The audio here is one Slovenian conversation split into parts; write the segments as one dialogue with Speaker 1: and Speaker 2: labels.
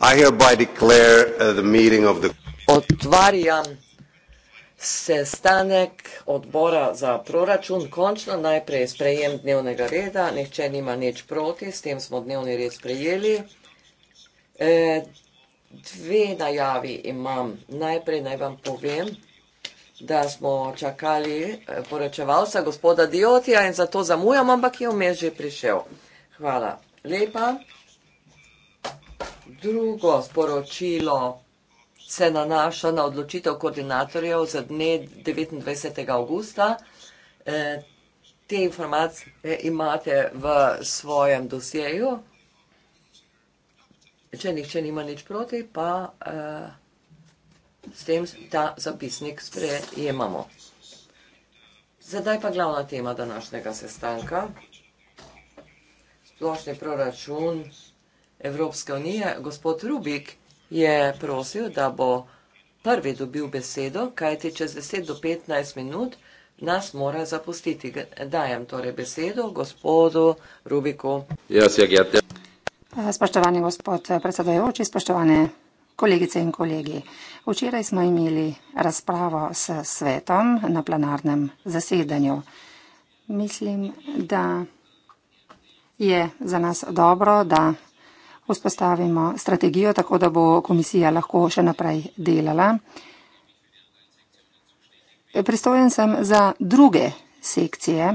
Speaker 1: I hereby declare uh, the meeting of the
Speaker 2: Otvarjam sestanek odbora za proračun. Končno najprej sprejem dnevnega reda. Nihče nima nič proti, s tem smo dnevni red sprejeli. E, dve najavi imam. Najprej naj vam povem, da smo čakali e, poročevalca gospoda Diotija in zato zamujam, ampak je vmes že prišel. Hvala. Lepa drugo sporočilo se nanaša na odločitev koordinatorjev za dne 29. augusta. E, te informacije imate v svojem dosjeju. Če nihče nima nič proti, pa e, s tem ta zapisnik sprejemamo. Zdaj pa glavna tema današnjega sestanka. Splošni proračun Evropske unije, gospod Rubik, je prosil, da bo prvi dobil besedo, kajti čez 10 do 15 minut nas mora zapustiti. Dajem torej besedo gospodu Rubiku.
Speaker 3: Ja, eh, spoštovani gospod eh, predsedajoči, spoštovane kolegice in kolegi. Včeraj smo imeli razpravo s svetom na plenarnem zasedanju. Mislim, da je za nas dobro, da vzpostavimo strategijo, tako da bo komisija lahko še naprej delala. Pristojen sem za druge sekcije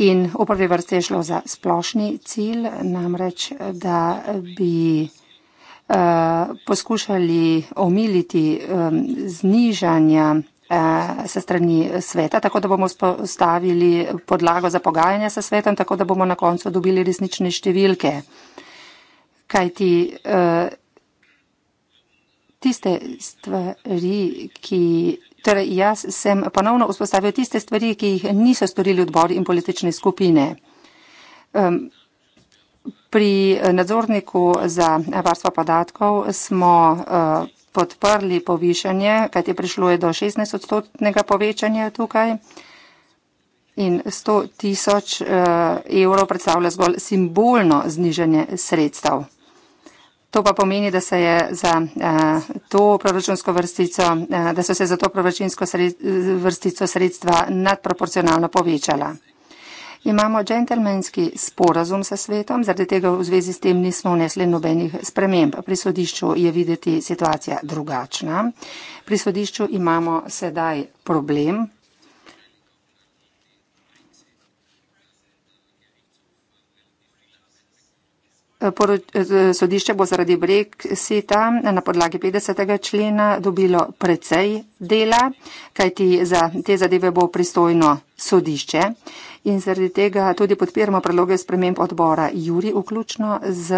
Speaker 3: in v prvi vrsti je šlo za splošni cilj, namreč, da bi eh, poskušali omiliti eh, znižanja eh, se strani sveta, tako da bomo spostavili podlago za pogajanja se svetom, tako da bomo na koncu dobili resnične številke kajti eh, tiste stvari, ki. Torej, jaz sem ponovno vzpostavil tiste stvari, ki jih niso storili odbori in politične skupine. Pri nadzorniku za varstvo podatkov smo eh, podprli povišanje, kajti prišlo je do 16 odstotnega povečanja tukaj in 100 tisoč eh, evrov predstavlja zgolj simbolno znižanje sredstev. To pa pomeni, da se je za uh, to proračunsko vrstico, uh, da so se za to proračunsko sred, vrstico sredstva nadproporcionalno povečala. Imamo džentelmenski sporazum sa svetom, zaradi tega v zvezi s tem nismo vnesli nobenih sprememb. Pri sodišču je videti situacija drugačna. Pri sodišču imamo sedaj problem, Sodišče bo zaradi brexita na podlagi 50. člena dobilo precej dela, kajti za te zadeve bo pristojno sodišče in zaradi tega tudi podpiramo predloge sprememb odbora Juri, vključno z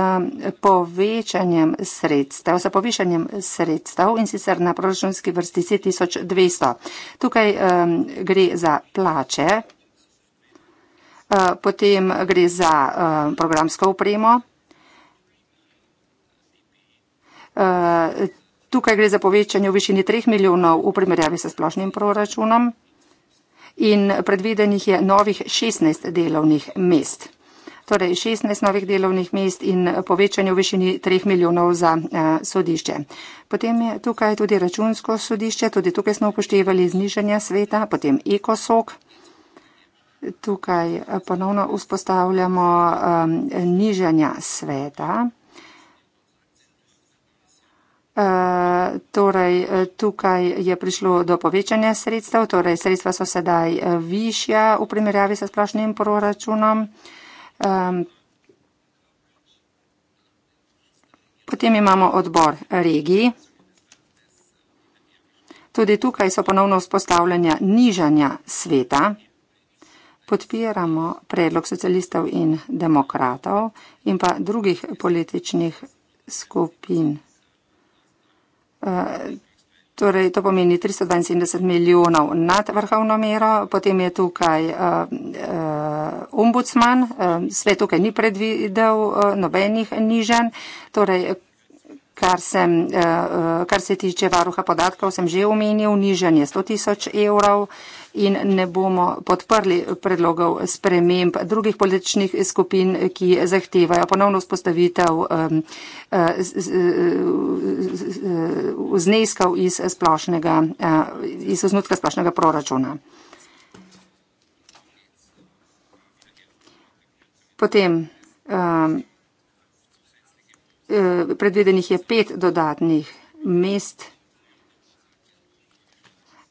Speaker 3: povečanjem sredstev, sa povišanjem sredstev in sicer na proračunski vrsti 1200. Tukaj um, gre za plače, uh, potem gre za uh, programsko upremo. Tukaj gre za povečanje v višini 3 milijonov v primerjavi s splošnim proračunom in predvidenih je novih 16 delovnih mest. Torej 16 novih delovnih mest in povečanje v višini 3 milijonov za uh, sodišče. Potem je tukaj tudi računsko sodišče, tudi tukaj smo upoštevali znižanje sveta, potem ekosok. Tukaj eh, ponovno vzpostavljamo um, nižanja sveta. Eh, torej eh, tukaj je prišlo do povečanja sredstev, torej sredstva so sedaj eh, višja v primerjavi s splošnim proračunom. Potem imamo odbor regiji. Tudi tukaj so ponovno vzpostavljanja nižanja sveta. Podpiramo predlog socialistov in demokratov in pa drugih političnih skupin. Eh, torej, to pomeni 372 milijonov nad vrhovno mero, potem je tukaj uh, ombudsman, uh, svet tukaj ni predvidel uh, nobenih nižen, torej, kar, sem, uh, kar se tiče varuha podatkov, sem že omenil, nižen je 100 tisoč evrov. Uh, in ne bomo podprli predlogov sprememb drugih političnih skupin, ki zahtevajo ponovno spostavitev um, uh, zneskov iz, splošnega, uh, iz osnutka splošnega proračuna. Potem um, uh, predvedenih je pet dodatnih mest.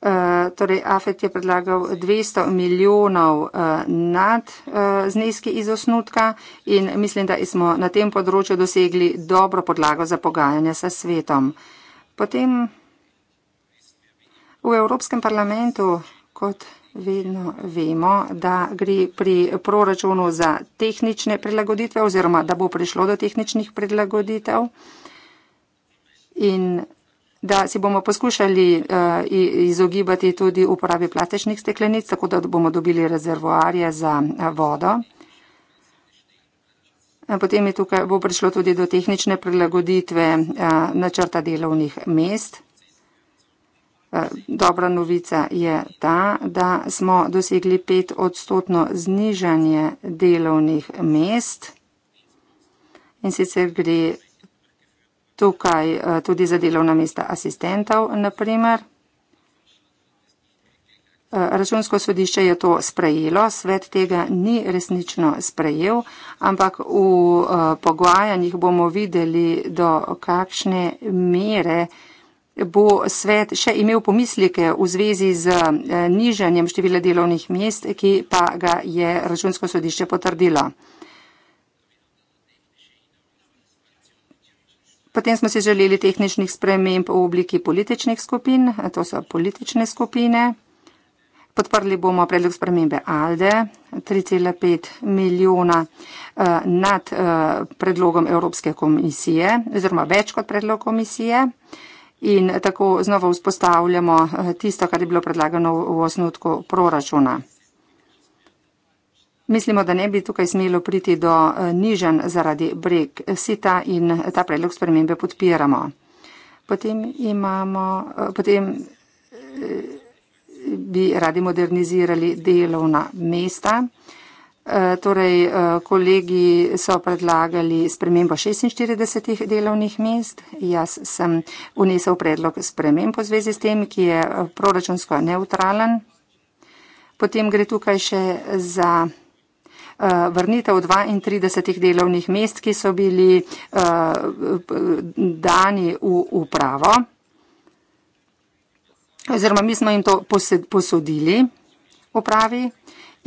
Speaker 3: Eh, torej Afet je predlagal 200 milijonov eh, nad eh, zneski iz osnutka in mislim, da smo na tem področju dosegli dobro podlago za pogajanja sa svetom. Potem v Evropskem parlamentu, kot vedno vemo, da gre pri proračunu za tehnične prilagoditve oziroma da bo prišlo do tehničnih prilagoditev. In da si bomo poskušali eh, izogibati tudi uporabi plastičnih steklenic, tako da bomo dobili rezervoarje za eh, vodo. Eh, potem je tukaj bo prišlo tudi do tehnične prilagoditve načrta delovnih mest. Dobra novica je ta, da smo dosegli pet odstotno znižanje delovnih mest in sicer gre tukaj eh, tudi za delovna mesta asistentov, naprimer. Eh, računsko sodišče je to sprejelo, svet tega ni resnično sprejel, ampak v eh, pogajanjih bomo videli, do kakšne mere bo svet še imel pomislike v zvezi z nižanjem števila delovnih mest, ki pa ga je računsko sodišče potrdilo. Potem smo si želeli tehničnih sprememb v obliki političnih skupin, to so politične skupine. Podprli bomo predlog spremembe ALDE, 3,5 milijona eh, nad eh, predlogom Evropske komisije, oziroma več kot predlog komisije. In tako znova vzpostavljamo eh, tisto, kar je bilo predlagano v osnutku proračuna. Mislimo, da ne bi tukaj smelo priti do eh, nižen zaradi brexita in eh, ta predlog spremembe podpiramo. Potem imamo, eh, potem bi radi modernizirali delovna mesta. Torej, kolegi so predlagali spremembo 46 delovnih mest. Jaz sem unesel predlog sprememb v zvezi s tem, ki je proračunsko neutralen. Potem gre tukaj še za Eh, vrnitev 32 delovnih mest, ki so bili eh, dani v upravo. Oziroma, mi smo jim to posodili upravi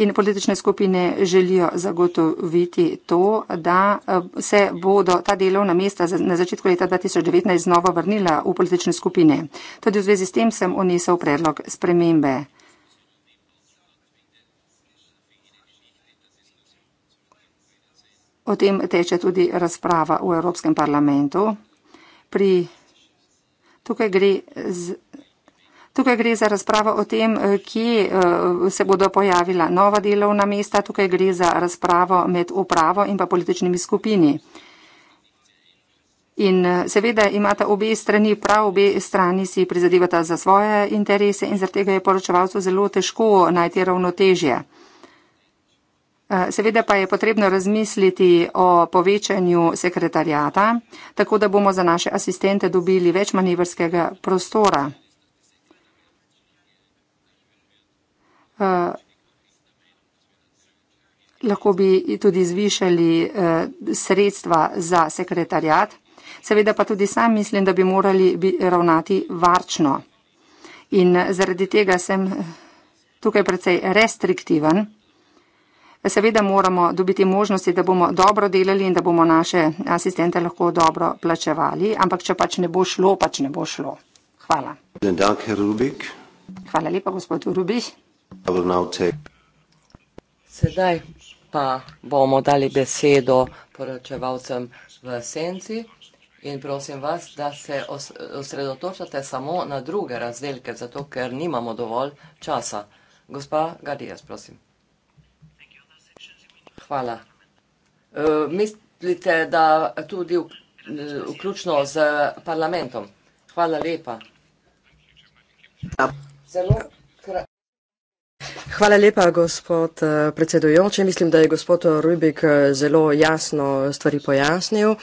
Speaker 3: in politične skupine želijo zagotoviti to, da eh, se bodo ta delovna mesta na začetku leta 2019 znova vrnila v politične skupine. Tudi v zvezi s tem sem unesel predlog spremembe. O tem teče tudi razprava v Evropskem parlamentu. Pri, tukaj, gre z, tukaj gre za razpravo o tem, kje eh, se bodo pojavila nova delovna mesta. Tukaj gre za razpravo med upravo in pa političnimi skupini. In eh, seveda imata obe strani prav, obe strani si prizadevata za svoje interese in zaradi tega je poročevalcu zelo težko najti ravnotežje. Eh, seveda pa je potrebno razmisliti o povečanju sekretarjata, tako da bomo za naše asistente dobili več manevrskega prostora. Uh, lahko bi tudi zvišali uh, sredstva za sekretarjat. Seveda pa tudi sam mislim, da bi morali bi ravnati varčno. In zaradi tega sem tukaj precej restriktiven. Seveda moramo dobiti možnosti, da bomo dobro delali in da bomo naše asistente lahko dobro plačevali, ampak če pač ne bo šlo, pač ne bo šlo. Hvala. Hvala lepa, gospod Rubih.
Speaker 2: Sedaj pa bomo dali besedo poročevalcem v senci in prosim vas, da se osredotočate samo na druge razdelke, zato ker nimamo dovolj časa. Gospa Gardijas, prosim. Hvala. E, mislite, da tudi vključno z parlamentom? Hvala lepa. Zelo kratko.
Speaker 4: Hvala lepa, gospod e, predsedujoči. Mislim, da je gospod Rubik e, zelo jasno stvari pojasnil.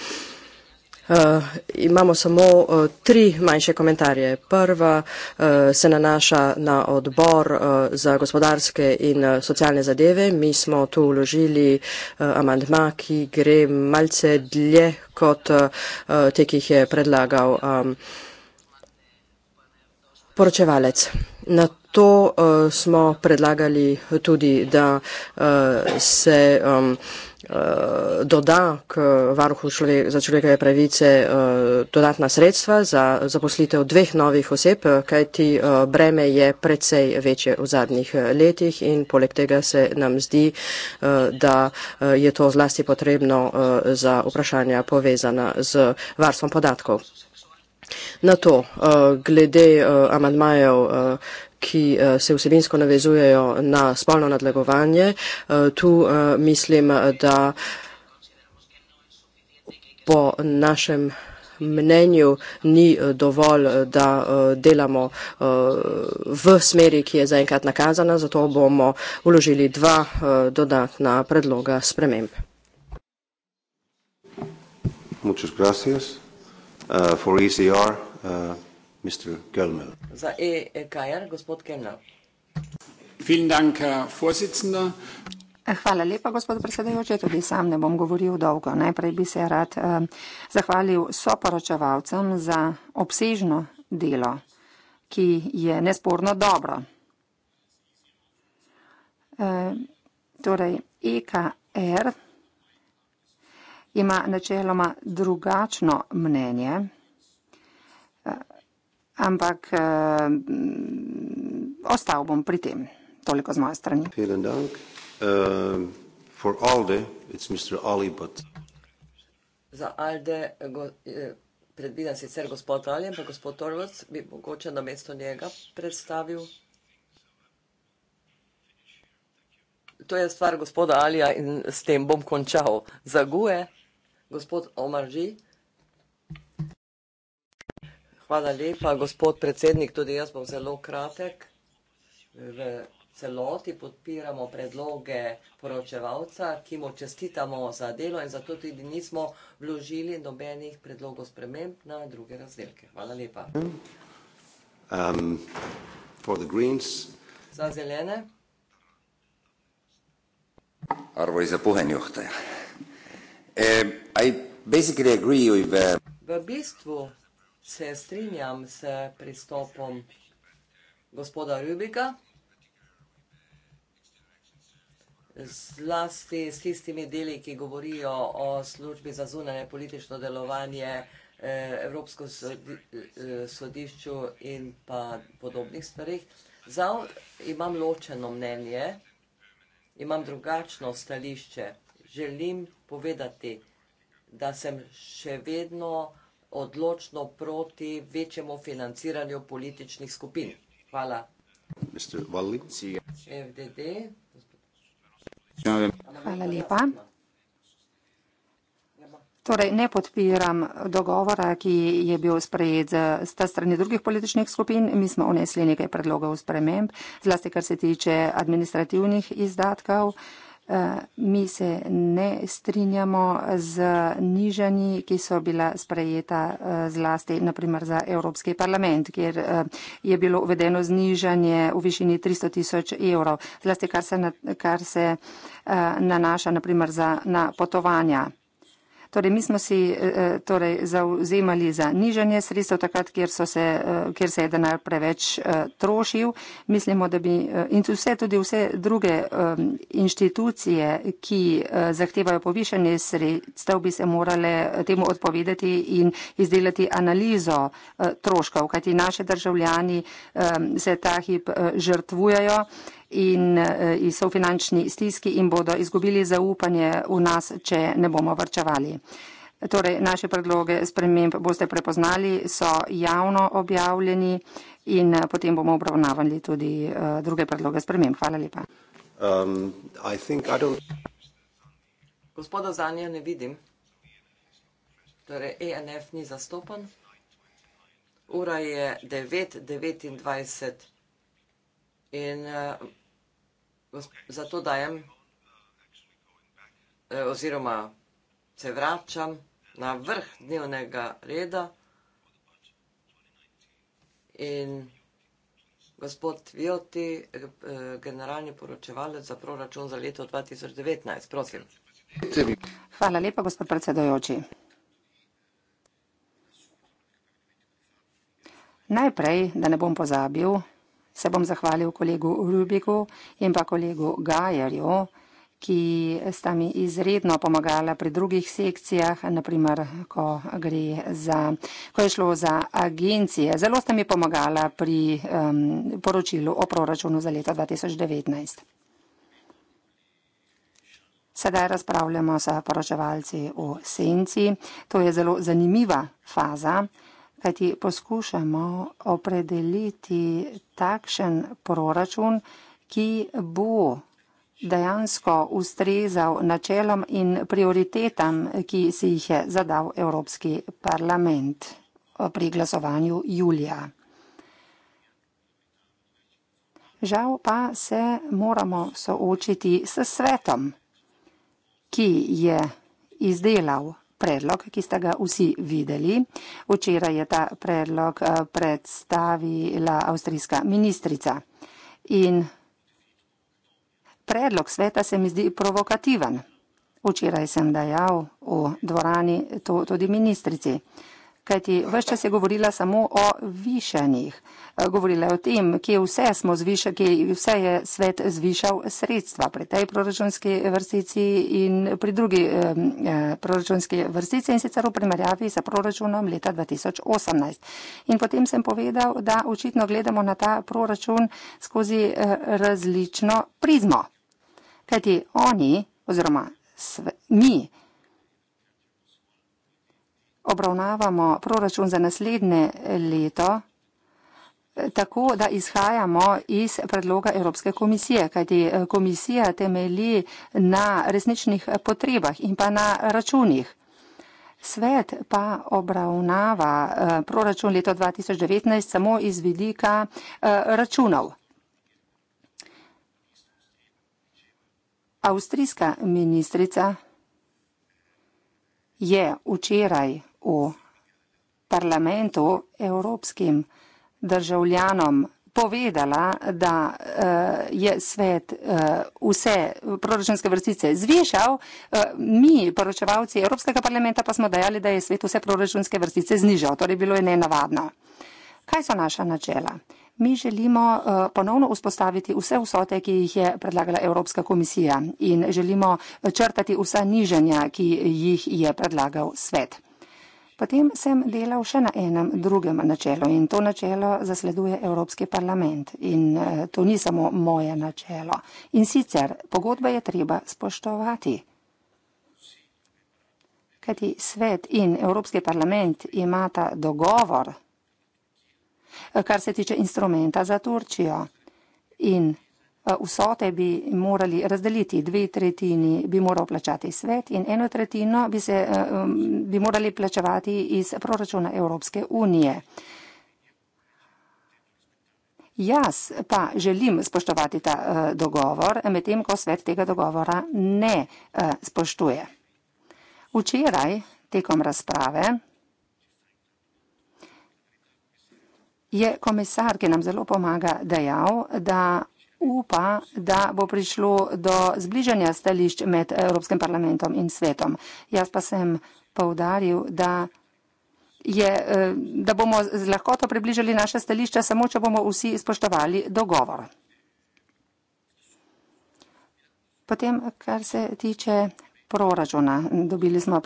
Speaker 4: Uh, imamo samo uh, tri manjše komentarje. Prva uh, se nanaša na odbor uh, za gospodarske in uh, socialne zadeve. Mi smo tu uložili uh, amandma, ki gre malce dlje kot uh, te, ki jih je predlagal um, poročevalec. Na To uh, smo predlagali tudi, da uh, se um, eh, doda k varuhu človek, za človekove pravice dodatna sredstva za zaposlitev dveh novih oseb, kajti breme je precej večje v zadnjih letih in poleg tega se nam zdi, da je to zlasti potrebno za vprašanja povezana z varstvom podatkov. Na to, glede amandmajev ki eh, se vsebinsko navezujejo na spolno nadlegovanje. Eh, tu eh, mislim, da po našem mnenju ni dovolj, da delamo v smeri, ki je zaenkrat nakazana, zato bomo uložili dva dodatna predloga sprememb.
Speaker 1: Muchas gracias uh, for ECR. Uh, Mr. Kellner.
Speaker 2: Za EKR, gospod Kellner.
Speaker 3: Hvala lepa, gospod predsedujoči. Tudi sam ne bom govoril dolgo. Najprej bi se rad eh, zahvalil soporočevalcem za obsežno delo, ki je nesporno dobro. Eh, torej, EKR ima načeloma drugačno mnenje. Eh, ampak uh, ostal bom pri tem. Toliko z moje strani.
Speaker 1: Uh, Alde, Ali, but...
Speaker 2: Za Alde eh, go, eh, predvidam sicer gospod Ali, ampak gospod Torvac bi mogoče na mesto njega predstavil. To je stvar gospoda Alija in s tem bom končal. Zaguje gospod Omar Žij. Hvala lepa, gospod predsednik, tudi jaz bom zelo kratek. V celoti podpiramo predloge poročevalca, ki mu čestitamo za delo in zato tudi nismo vložili nobenih predlogov sprememb na druge razdelke. Hvala lepa.
Speaker 1: Um, for the greens.
Speaker 2: Za zelene.
Speaker 1: Arvoj za puhenjohte. Um, eh, I basically agree with... Uh...
Speaker 2: V bistvu se strinjam s pristopom gospoda Rubika, zlasti s tistimi deli, ki govorijo o službi za zunanje politično delovanje eh, Evropsko eh, sodišču in pa podobnih stvarih. Zdaj imam ločeno mnenje, imam drugačno stališče. Želim povedati, da sem še vedno vsega, odločno proti večjemu financiranju političnih
Speaker 3: skupin. Hvala.
Speaker 1: FDD.
Speaker 3: Hvala lepa. Torej, ne podpiram dogovora, ki je bil sprejet z ta strani drugih političnih skupin. Mi smo unesli nekaj predlogov sprememb, zlasti kar se tiče administrativnih izdatkov. Eh, mi se ne strinjamo z nižanji, ki so bila sprejeta eh, zlasti naprimer za Evropski parlament, kjer eh, je bilo uvedeno znižanje v višini 300 tisoč evrov, zlasti kar se, na, kar se nanaša naprimer za na potovanja. Torej, mi smo si eh, eh, torej, zauzemali za nižanje sredstev takrat, kjer, se, eh, kjer se je denar preveč trošil. Mislimo, da bi in vse, tudi vse druge inštitucije, ki zahtevajo povišanje sredstev, bi se morale temu odpovedati in izdelati analizo troškov, kajti naše državljani se ta hip žrtvujajo in eh, so v finančni stiski in bodo izgubili zaupanje v nas, če ne bomo vrčevali. Torej, naše predloge sprememb boste prepoznali, so javno objavljeni in eh, potem bomo obravnavali tudi eh, druge predloge sprememb. Hvala lepa.
Speaker 1: Um, Gospoda
Speaker 2: Zanja ne vidim. Torej, ENF ni zastopan. Ura je 9.29 in uh, zato dajem eh, oziroma se vračam na vrh dnevnega reda in gospod Vioti, eh, generalni poročevalec za proračun za leto 2019, prosim.
Speaker 3: Hvala lepa, gospod predsedojoči. Najprej, da ne bom pozabil, se bom zahvalil kolegu Rubiku in pa kolegu Gajerju, ki sta mi izredno pomagala pri drugih sekcijah, naprimer, ko, gre za, ko je šlo za agencije. Zelo sta mi pomagala pri um, poročilu o proračunu za leto 2019. Sedaj razpravljamo s poročevalci v senci. To je zelo zanimiva faza kajti poskušamo opredeliti takšen proračun, ki bo dejansko ustrezal načelom in prioritetam, ki si jih je zadal Evropski parlament eh, pri glasovanju julija. Žal pa se moramo soočiti s svetom, ki je izdelal predlog, ki ste ga vsi videli. Včeraj je ta predlog eh, predstavila avstrijska ministrica. In predlog sveta se mi zdi provokativen. Včeraj sem dejal v dvorani to tudi ministrici kajti vse čas je govorila samo o višanjih. Eh, govorila je o tem, kje vse, zviša, kje vse je svet zvišal sredstva pri tej proračunski vrstici in pri drugi eh, proračunski vrstici in sicer v primerjavi sa proračunom leta 2018. In potem sem povedal, da očitno gledamo na ta proračun skozi eh, različno prizmo. Kajti oni oziroma sve, mi, obravnavamo proračun za naslednje leto, tako da izhajamo iz predloga Evropske komisije, kajti eh, komisija temelji na resničnih potrebah in pa na računih. Svet pa obravnava eh, proračun leto 2019 samo iz vidika eh, računov. Avstrijska ministrica je včeraj v parlamentu evropskim državljanom povedala, da eh, je svet eh, vse proračunske vrstice zvišal, eh, mi, poročevalci Evropskega parlamenta, pa smo dejali, da je svet vse proračunske vrstice znižal, torej bilo je nenavadno. Kaj so naša načela? Mi želimo ponovno vzpostaviti vse vsote, ki jih je predlagala Evropska komisija in želimo črtati vsa niženja, ki jih je predlagal svet. Potem sem delal še na enem drugem načelu in to načelo zasleduje Evropski parlament in eh, to ni samo moje načelo. In sicer pogodbe je treba spoštovati. Kajti svet in Evropski parlament imata dogovor, eh, kar se tiče instrumenta za Turčijo. In Eh, vsote bi morali razdeliti, dve tretjini bi moral plačati svet in eno tretjino bi, se, eh, um, bi morali plačevati iz proračuna Evropske unije. Jaz pa želim spoštovati ta eh, dogovor, medtem ko svet tega dogovora ne spoštuje. Včeraj tekom razprave je komisar, ki nam zelo pomaga, dejal, da upa, da bo prišlo do zbližanja stališč med Evropskim parlamentom in svetom. Jaz pa sem povdaril, da, je, eh, da bomo z lahkoto približali naše stališča, samo če bomo vsi spoštovali dogovor. Potem, kar se tiče proračuna. Dobili smo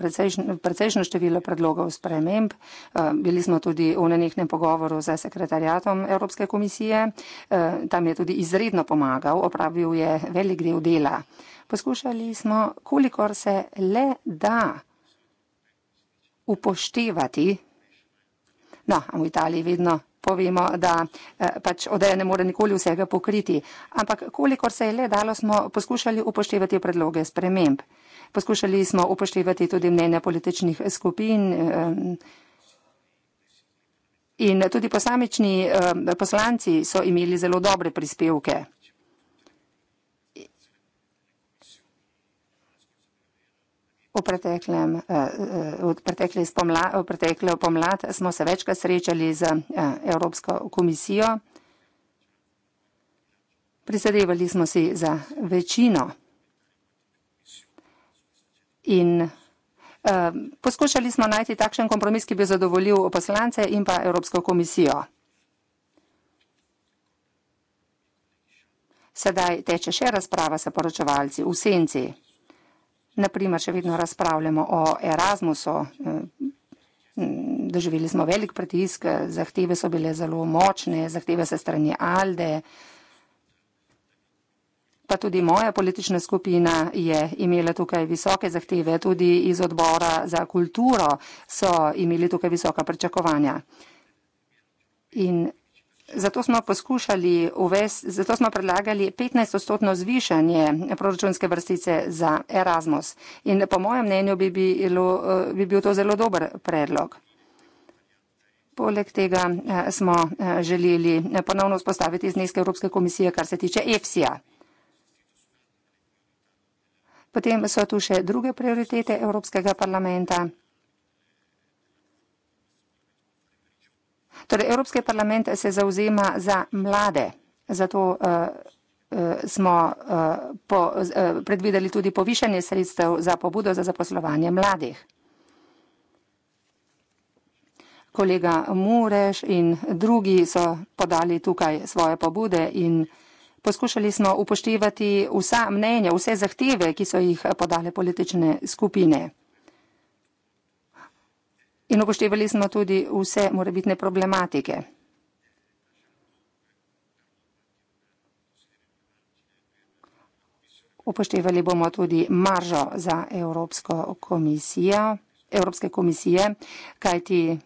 Speaker 3: precejšno število predlogov sprememb, eh, bili smo tudi v nenehnem pogovoru z sekretarjatom Evropske komisije, eh, tam je tudi izredno pomagal, opravil je velik del dela. Poskušali smo, kolikor se le da upoštevati, no, v Italiji vedno povemo, da eh, pač odeja ne more nikoli vsega pokriti, ampak kolikor se je le dalo, smo poskušali upoštevati predloge sprememb. Poskušali smo upoštevati tudi mnenja političnih skupin eh, in tudi posamični eh, poslanci so imeli zelo dobre prispevke. V preteklem, eh, v preteklem pomla, v pretekle pomlad smo se večkrat srečali z Evropsko komisijo. Prisadevali smo si za večino in um, poskušali smo najti takšen kompromis, ki bi zadovoljil poslance in pa Evropsko komisijo. Sedaj teče še razprava s poročevalci v senci. Naprimer, še vedno razpravljamo o Erasmusu. Eh, doživeli smo velik pritisk, eh, zahteve so bile zelo močne, zahteve se strani Alde pa tudi moja politična skupina je imela tukaj visoke zahteve, tudi iz odbora za kulturo so imeli tukaj visoka pričakovanja. In Zato smo poskušali uvesti, zato smo predlagali 15 odstotno zvišanje proračunske vrstice za Erasmus. In po mojem mnenju bi, bilo, bi bil to zelo dober predlog. Poleg tega eh, smo eh, želeli eh, ponovno vzpostaviti zneske Evropske komisije, kar se tiče EFSI-a. Potem so tu še druge prioritete Evropskega parlamenta. Torej, Evropski parlament se zauzema za mlade, zato uh, smo uh, po, uh, predvideli tudi povišanje sredstev za pobudo za zaposlovanje mladih. Kolega Mureš in drugi so podali tukaj svoje pobude in uh, Poskušali smo upoštevati vsa mnenja, vse zahteve, ki so jih podale politične skupine. In upoštevali smo tudi vse morebitne problematike. Upoštevali bomo tudi maržo za Evropsko komisijo, Evropske komisije, kajti.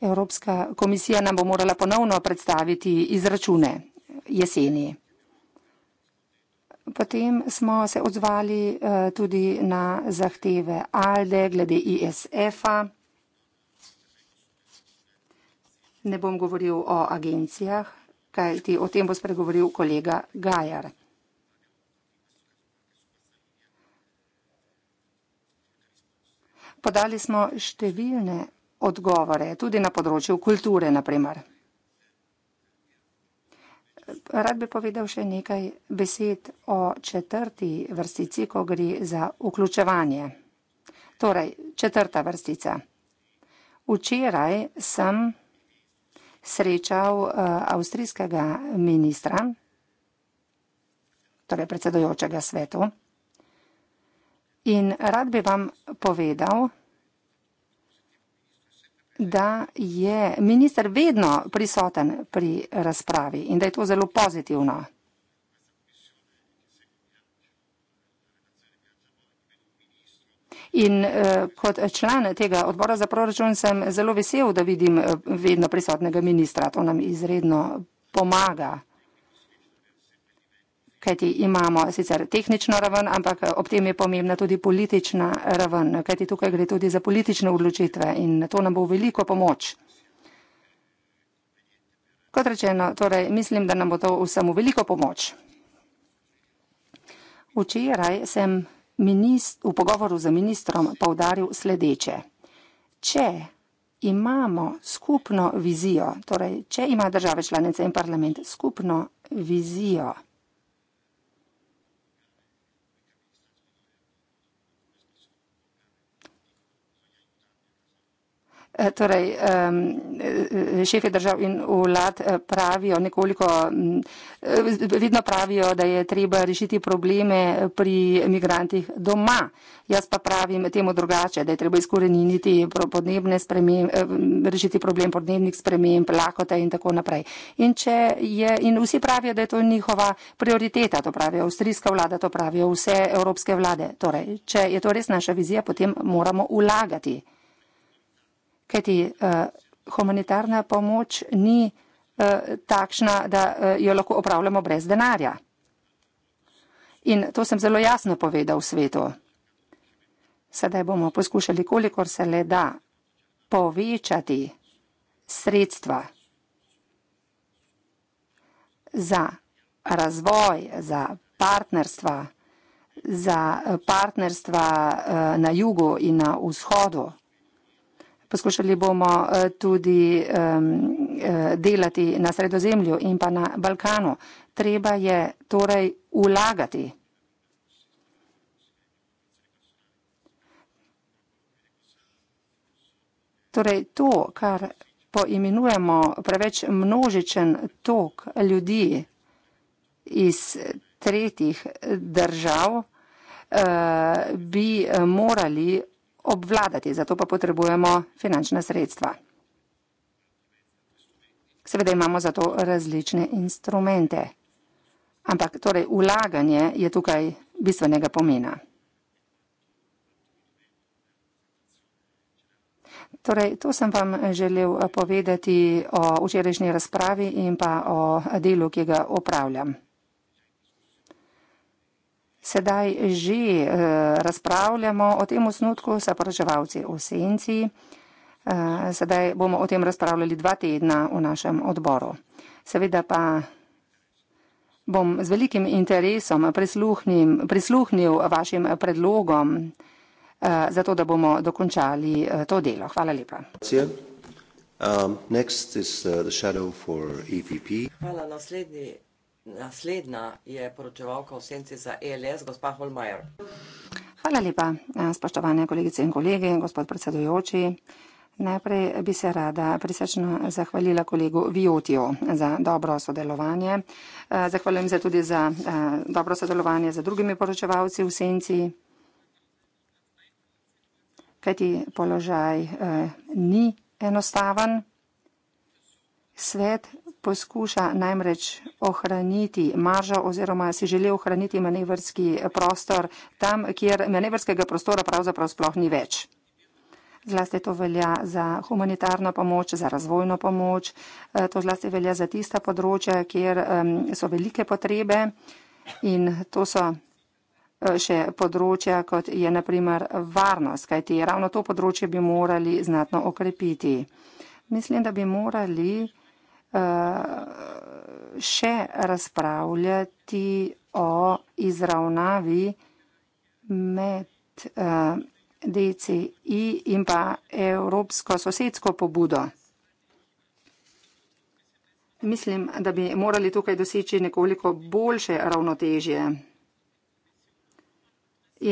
Speaker 3: Evropska komisija nam bo morala ponovno predstaviti izračune jeseni. Potem smo se odzvali eh, tudi na zahteve ALDE glede ISF-a. Ne bom govoril o agencijah, kaj ti o tem bo spregovoril kolega Gajar. Podali smo številne odgovore, tudi na področju kulture, naprimer. Rad bi povedal še nekaj besed o četrti vrstici, ko gre za vključevanje. Torej, četrta vrstica. Včeraj sem srečal eh, avstrijskega ministra, torej predsedojočega svetu, in rad bi vam povedal, da je minister vedno prisoten pri razpravi in da je to zelo pozitivno. In eh, kot član tega odbora za proračun sem zelo vesel, da vidim eh, vedno prisotnega ministra. To nam izredno pomaga kajti imamo sicer tehnično raven, ampak eh, ob tem je pomembna tudi politična raven, kajti tukaj gre tudi za politične odločitve in to nam bo veliko pomoč. Kot rečeno, torej mislim, da nam bo to vsemu veliko pomoč. Včeraj sem minist, v pogovoru z ministrom povdaril sledeče. Če imamo skupno vizijo, torej če ima države članice in parlament skupno vizijo, Eh, torej, eh, šefe držav in vlad eh, pravijo nekoliko, mm, vedno pravijo, da je treba rešiti probleme pri migrantih doma. Jaz pa pravim temu drugače, da je treba izkoreniniti podnebne spremembe, rešiti problem podnebnih sprememb, lakote in tako naprej. In, je, in vsi pravijo, da je to njihova prioriteta, to pravijo avstrijska vlada, to pravijo vse evropske vlade. Torej, če je to res naša vizija, potem moramo ulagati kajti uh, humanitarna pomoč ni uh, takšna, da uh, jo lahko opravljamo brez denarja. In to sem zelo jasno povedal svetu. Sedaj bomo poskušali, kolikor se le da, povečati sredstva za razvoj, za partnerstva, za partnerstva na jugu in na vzhodu. Poskušali bomo eh, tudi um, delati na sredozemlju in pa na Balkanu. Treba je torej ulagati. Torej to, kar poimenujemo preveč množičen tok ljudi iz tretjih držav, uh, bi morali obvladati, zato pa potrebujemo finančna sredstva. Seveda imamo za to različne instrumente, ampak torej ulaganje je tukaj bistvenega pomena. Torej, to sem vam želel povedati o včerajšnji razpravi in pa o delu, ki ga opravljam sedaj že eh, razpravljamo o tem osnutku sa poročevalci v senci. Eh, sedaj bomo o tem razpravljali dva tedna v našem odboru. Seveda pa bom z velikim interesom prisluhnil vašim predlogom, eh, zato da bomo dokončali to delo. Hvala lepa.
Speaker 1: Um, next is uh, the shadow for EPP.
Speaker 3: Hvala,
Speaker 2: naslednji Naslednja je poročevalka v senci za ELS, gospa Holmajer.
Speaker 3: Hvala lepa, eh, spoštovane kolegice in kolege, gospod predsedujoči. Najprej bi se rada prisrčno zahvalila kolegu Viotiju za dobro sodelovanje. Eh, zahvaljujem se tudi za eh, dobro sodelovanje z drugimi poročevalci v senci. Kajti položaj ni enostaven. Svet poskuša namreč ohraniti maržo oziroma si želi ohraniti manevrski prostor tam, kjer manevrskega prostora pravzaprav sploh ni več. Zlasti to velja za humanitarno pomoč, za razvojno pomoč, eh, to zlasti velja za tista področja, kjer so velike potrebe in to so eh, še področja, kot je naprimer varnost, kajti ravno to področje bi morali znatno okrepiti. Mislim, da bi morali Eh, še razpravljati o izravnavi med eh, DCI in pa evropsko sosedsko pobudo. Mislim, da bi morali tukaj doseči nekoliko boljše ravnotežje.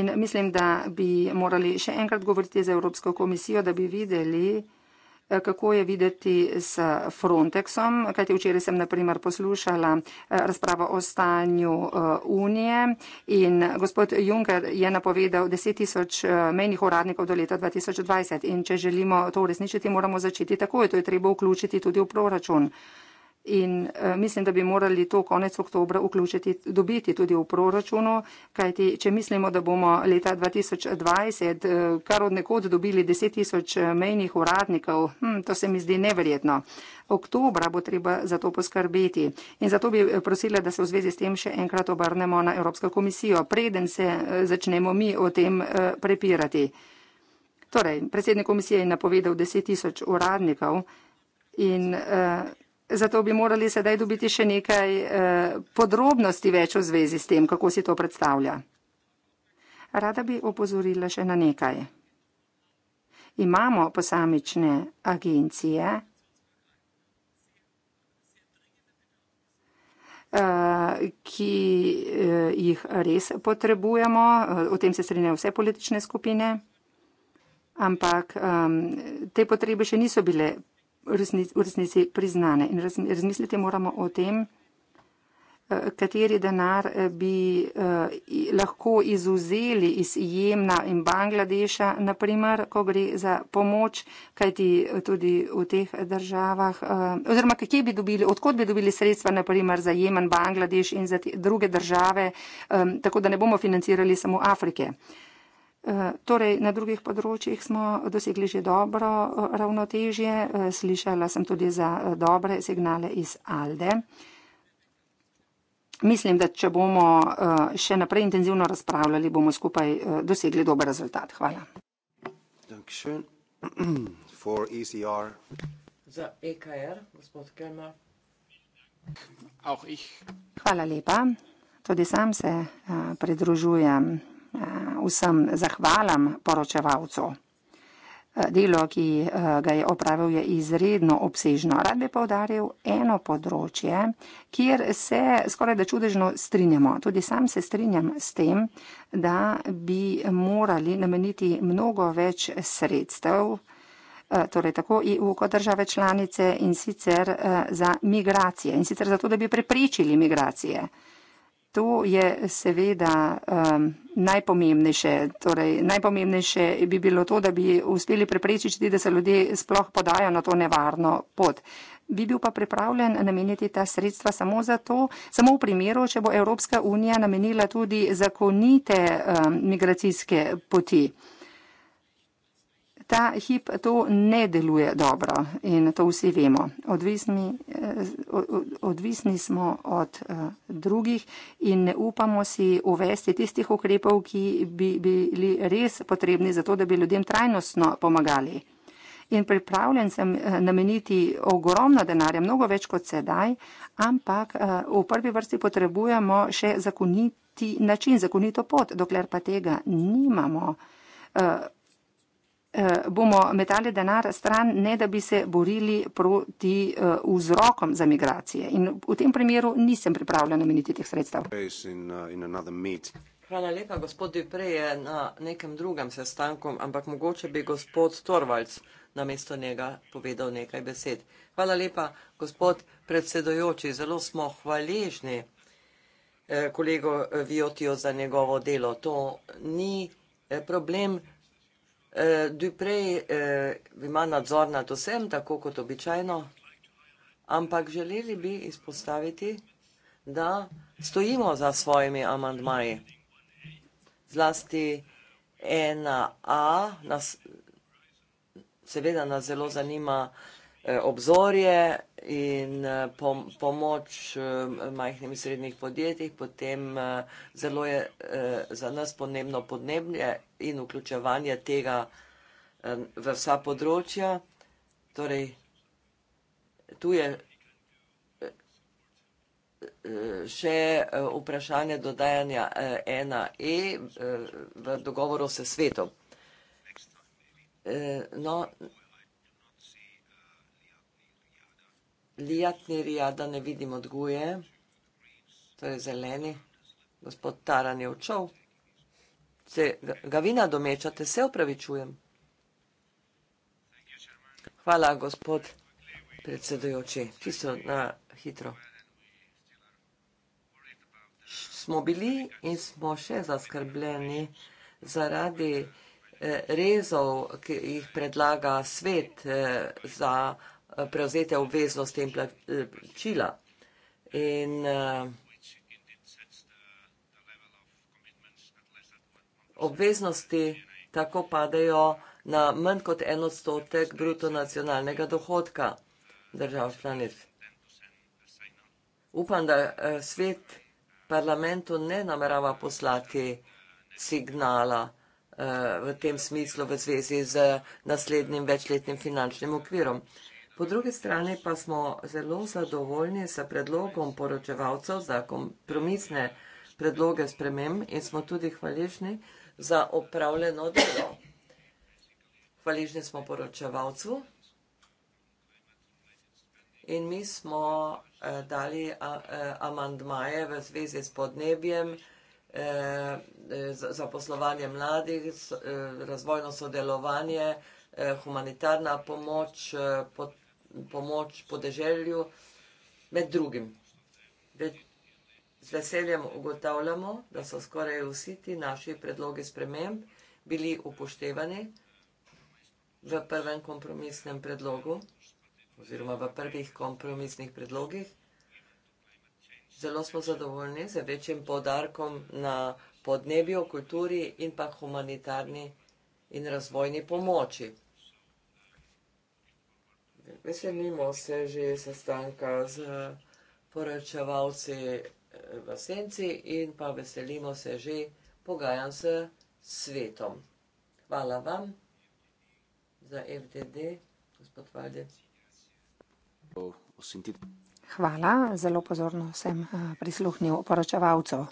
Speaker 3: In mislim, da bi morali še enkrat govoriti z Evropsko komisijo, da bi videli, da bi videli, Eh, kako je videti s Frontexom, kajti včeraj sem naprimer poslušala eh, razpravo o stanju eh, Unije in gospod Juncker je napovedal 10 tisoč menjih uradnikov do leta 2020 in če želimo to uresničiti, moramo začeti takoj, to je treba vključiti tudi v proračun in uh, mislim, da bi morali to konec oktobra vključiti, dobiti tudi v proračunu, kajti če mislimo, da bomo leta 2020 uh, eh, kar od nekod dobili 10 tisoč eh, mejnih uradnikov, hm, to se mi zdi neverjetno. Oktobra bo treba za to poskrbeti in zato bi prosila, da se v zvezi s tem še enkrat obrnemo na Evropsko komisijo, preden se uh, začnemo mi o tem uh, prepirati. Torej, predsednik komisije je napovedal 10 tisoč uradnikov in. Uh, Zato bi morali sedaj dobiti še nekaj eh, podrobnosti več v zvezi s tem, kako si to predstavlja. Rada bi opozorila še na nekaj. Imamo posamične agencije, eh, ki eh, jih res potrebujemo, o tem se strinjajo vse politične skupine, ampak te potrebe še niso bile v resnici priznane. In razmisliti moramo o tem, eh, kateri denar eh, bi eh, lahko izuzeli iz Jemna in Bangladeša, naprimer, ko gre za pomoč, kajti tudi v teh državah, oziroma kje bi dobili, odkot bi dobili sredstva, naprimer, za Jemen, Bangladeš in za druge države, tako da ne bomo financirali samo Afrike. Torej, na drugih področjih smo dosegli že dobro eh, ravnotežje. Eh, slišala sem tudi za eh, dobre signale iz Alde. Mislim, da če bomo še naprej intenzivno razpravljali, bomo skupaj dosegli dober rezultat. Hvala. E e Hvala lepa. Tudi sam se pridružujem. Eh, vsem zahvalam poročevalcu. Eh, delo, ki eh, ga je opravil, je izredno obsežno. Rad bi povdaril eno področje, kjer se skoraj da čudežno strinjamo. Tudi sam se strinjam s tem, da bi morali nameniti mnogo več sredstev, torej tako EU kot države članice, in sicer za migracije, in sicer zato, da bi preprečili migracije. To je seveda um, najpomembnejše. Torej, najpomembnejše bi bilo to, da bi uspeli preprečiti, da se ljudje sploh podajo na to nevarno pot. Bi bil pa pripravljen nameniti ta sredstva samo za to, samo v primeru, če bo Evropska unija namenila tudi zakonite um, migracijske poti. Uh, ta hip to ne deluje dobro in to vsi vemo. Odvisni, eh, odvisni smo od eh, drugih in ne upamo si uvesti tistih ukrepov, ki bi bili res potrebni za to, da bi ljudem trajnostno pomagali. In pripravljen sem eh, nameniti ogromno denarja, mnogo več kot sedaj, ampak v prvi vrsti potrebujemo še zakoniti način, zakonito pot, dokler pa tega nimamo. Eh, bomo metali denar stran, ne da bi se borili proti eh, vzrokom za migracije. In v tem primeru nisem pripravljen nameniti teh sredstev. Eh,
Speaker 2: Hvala lepa, gospod Dupre je na nekem drugem sestanku, ampak mogoče bi gospod Torvalc namesto njega povedal nekaj besed. Hvala lepa, gospod predsedojoči, zelo smo hvaležni kolego Viotijo za njegovo delo. To ni problem Eh, Duprej eh, ima nadzor nad vsem, tako kot običajno, ampak želeli bi izpostaviti, da stojimo za svojimi amandmaji. Zlasti ena A, nas, seveda nas zelo zanima eh, obzorje, in eh, pomoč eh, majhnim in srednjih podjetjih, potem eh, zelo je za nas pomembno podnebje in vključevanje tega v vsa področja. Torej, tu je še vprašanje dodajanja 1E v dogovoru se svetom. No, lijatni rijada ne vidim odguje, to je zeleni, gospod Taran je učel, se ga vina domečate, se opravičujem. Hvala, gospod predsedujoči, čisto na hitro. Smo bili in smo še zaskrbljeni zaradi eh, rezov, ki jih predlaga svet eh, za vse, prevzete obveznosti in plačila. In eh, obveznosti tako padejo na manj kot en odstotek bruto nacionalnega dohodka držav članic. Upam, da eh, svet parlamentu ne namerava poslati signala eh, v tem smislu v zvezi z naslednjim večletnim finančnim okvirom. Po drugi strani pa smo zelo zadovoljni s predlogom poročevalcev za kompromisne predloge spremem in smo tudi hvaležni za opravljeno delo. Hvaležni smo poročevalcu in mi smo eh, dali a, eh, amandmaje v zvezi s podnebjem, eh, eh zaposlovanje mladih, so, eh, razvojno sodelovanje, eh, humanitarna pomoč, eh, podpornost pomoč podeželju, med drugim. Z veseljem ugotavljamo, da so skoraj vsi ti naši predlogi sprememb bili upoštevani v prvem kompromisnem predlogu oziroma v prvih kompromisnih predlogih. Zelo smo zadovoljni z večjim podarkom na podnebju, kulturi in pa humanitarni in razvojni pomoči. Veselimo se že sestanka z poročevalci eh, v Senci in pa veselimo se že pogajan s svetom. Hvala vam za FDD, gospod Valde.
Speaker 3: Hvala, zelo pozorno sem eh, prisluhnil poročevalcu.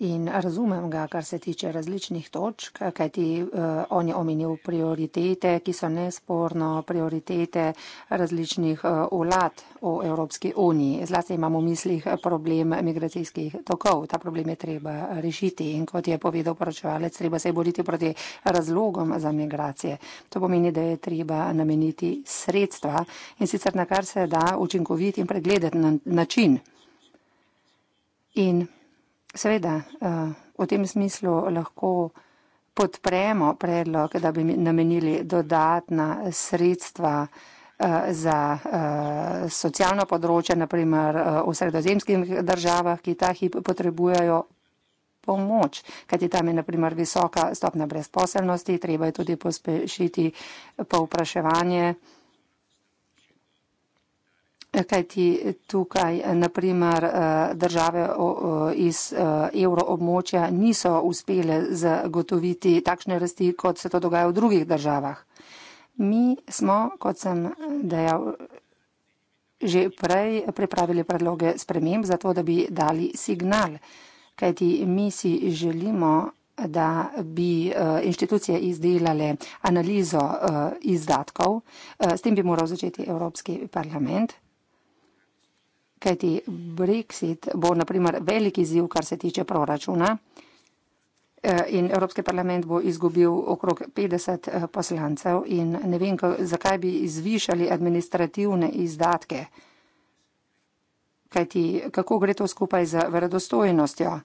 Speaker 3: In razumem ga, kar se tiče različnih točk, kajti uh, on je omenil prioritete, ki so nesporno prioritete različnih eh, vlad uh, v Evropski uniji. Zlasti imamo v mislih problem migracijskih tokov. Ta problem je treba rešiti in kot je povedal poročevalec, treba se boriti proti razlogom za migracije. To pomeni, da je treba nameniti sredstva in sicer na kar se da učinkovit in pregledet na, način. In Seveda, eh, v tem smislu lahko podpremo predlog, da bi namenili dodatna sredstva eh, za eh, socialno področje, naprimer v sredozemskih državah, ki ta hip potrebujejo pomoč, kajti tam je naprimer visoka stopna brezposelnosti, treba je tudi pospešiti povpraševanje. Pa kajti tukaj naprimer eh, države iz eh, evroobmočja niso uspele zagotoviti takšne rasti, kot se to dogaja v drugih državah. Mi smo, kot sem dejal, že prej pripravili predloge sprememb za to, da bi dali signal, kajti mi si želimo da bi eh, inštitucije izdelale analizo izdatkov. S tem bi moral začeti Evropski parlament kajti Brexit bo naprimer velik izziv, kar se tiče proračuna e, in Evropski parlament bo izgubil okrog 50 e, poslancev in ne vem, zakaj bi izvišali administrativne izdatke, kajti kako gre to skupaj z verodostojnostjo.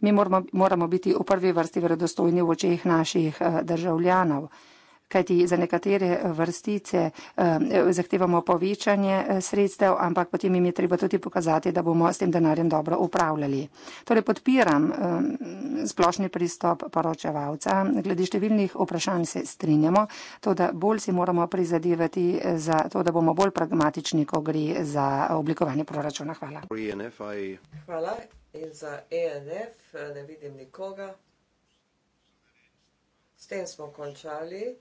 Speaker 3: Mi moramo, moramo biti v prvi vrsti verodostojni v očeh naših e, državljanov kajti za nekatere vrstice eh, zahtevamo povečanje eh, sredstev, ampak potem jim je treba tudi pokazati, da bomo s tem denarjem dobro upravljali. Torej podpiram splošni pristop poročevalca. Glede številnih vprašanj se strinjamo, to, da bolj si moramo prizadevati eh, za to, da bomo bolj pragmatični, ko gre za oblikovanje proračuna. Hvala.
Speaker 1: E
Speaker 2: Hvala in za ENF ne vidim nikoga. S tem smo končali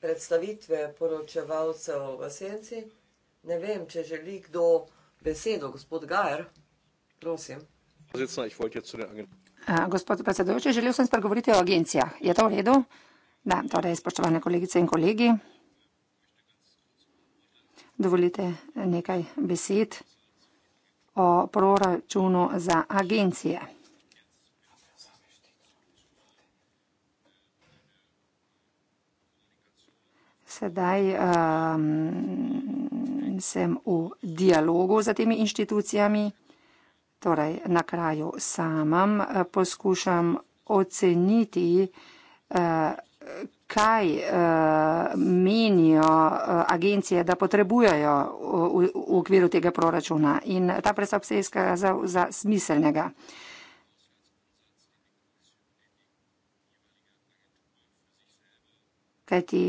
Speaker 2: predstavitve poročevalcev v Senci. Ne vem, če želi kdo besedo, gospod Gajer, prosim.
Speaker 3: Gospod predsedujoči, želel sem spregovoriti o agencijah. Je to v redu? Da, torej, spoštovane kolegice in kolegi, dovolite nekaj besed o proračunu za agencije. Sedaj um, sem v dialogu z temi inštitucijami, torej na kraju samem eh, poskušam oceniti, eh, kaj eh, menijo agencije, da potrebujejo v okviru tega proračuna. In ta predstav se je izkazal za smiselnega. Kajti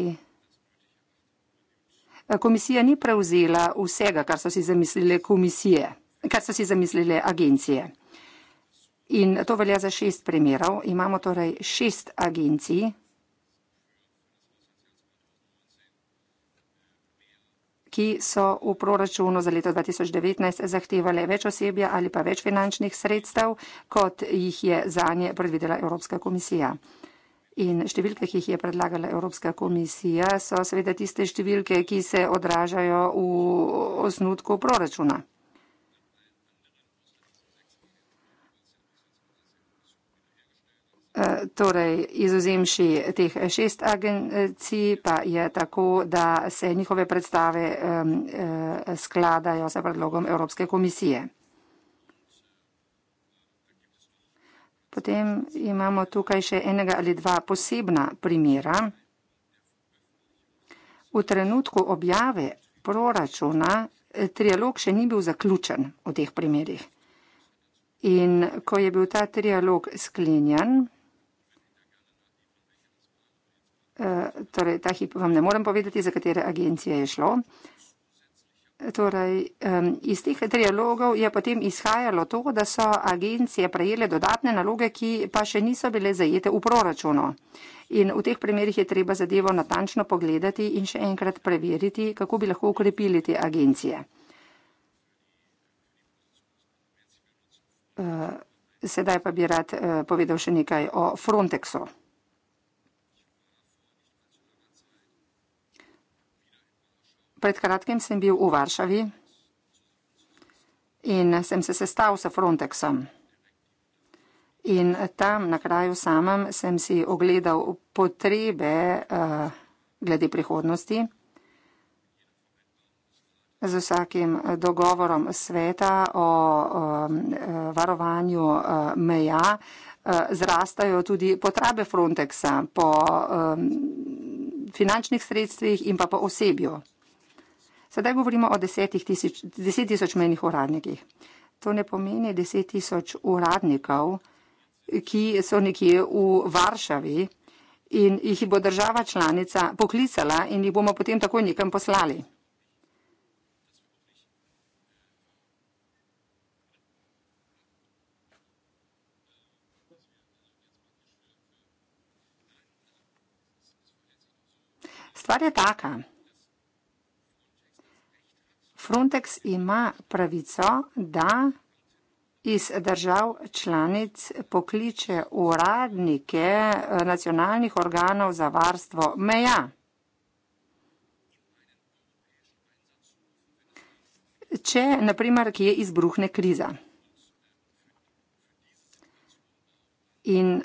Speaker 3: komisija ni prevzela vsega, kar so si zamislile komisije, kar so si zamislile agencije. In to velja za šest primerov. Imamo torej šest agencij, ki so v proračunu za leto 2019 zahtevale več osebja ali pa več finančnih sredstev, kot jih je zanje predvidela Evropska komisija. In številke, ki jih je predlagala Evropska komisija, so seveda tiste številke, ki se odražajo v osnutku proračuna. Eh, torej, izuzemši teh šest agencij, pa je tako, da se njihove predstave eh, skladajo s predlogom Evropske komisije. Potem imamo tukaj še enega ali dva posebna primera. V trenutku objave proračuna eh, trialog še ni bil zaključen v teh primerih. In ko je bil ta trialog sklenjen, eh, torej ta hip vam ne morem povedati, za katere agencije je šlo, Torej, um, iz teh trialogov je potem izhajalo to, da so agencije prejele dodatne naloge, ki pa še niso bile zajete v proračunu. In v teh primerjih je treba zadevo natančno pogledati in še enkrat preveriti, kako bi lahko ukrepili te agencije. Uh, sedaj pa bi rad uh, povedal še nekaj o Frontexu. Pred kratkim sem bil v Varšavi in sem se sestal s Frontexom. In tam na kraju samem sem si ogledal potrebe uh, glede prihodnosti. Z vsakim dogovorom sveta o um, varovanju uh, meja uh, zrastajo tudi potrebe Frontexa po um, finančnih sredstvih in pa po osebju. Sedaj govorimo o desetih tisoč, deset tisoč menih uradnikih. To ne pomeni deset tisoč uradnikov, ki so nekje v Varšavi in jih bo država članica poklicala in jih bomo potem takoj nekam poslali. Stvar je taka. Frontex ima pravico, da iz držav članic pokliče uradnike nacionalnih organov za varstvo meja. Če, naprimer, kje izbruhne kriza in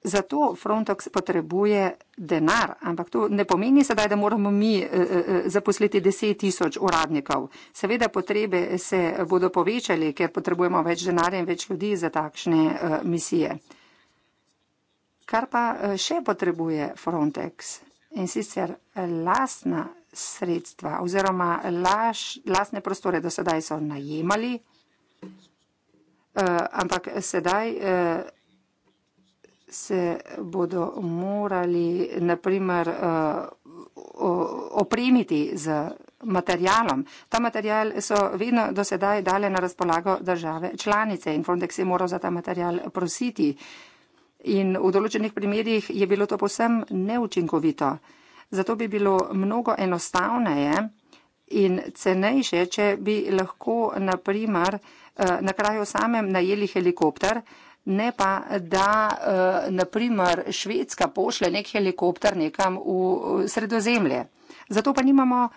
Speaker 3: Zato Frontex potrebuje denar, ampak to ne pomeni sedaj, da moramo mi eh, eh, eh, zaposliti 10 tisoč uradnikov. Seveda potrebe se bodo povečali, ker potrebujemo več denarja in več ljudi za takšne misije. Kar pa še potrebuje Frontex in sicer lastna sredstva oziroma laš, lastne prostore, da sedaj so najemali, ampak sedaj se bodo morali naprimer eh, opremiti z materialom. Ta material so vedno do sedaj dale na razpolago države članice in Frontex je moral za ta material prositi. In v določenih primerjih je bilo to posem neučinkovito. Zato bi bilo mnogo enostavneje in cenejše, če bi lahko naprimer eh, na kraju samem najeli helikopter, ne pa, da eh, naprimer Švedska pošle nek helikopter nekam v sredozemlje. Zato pa nimamo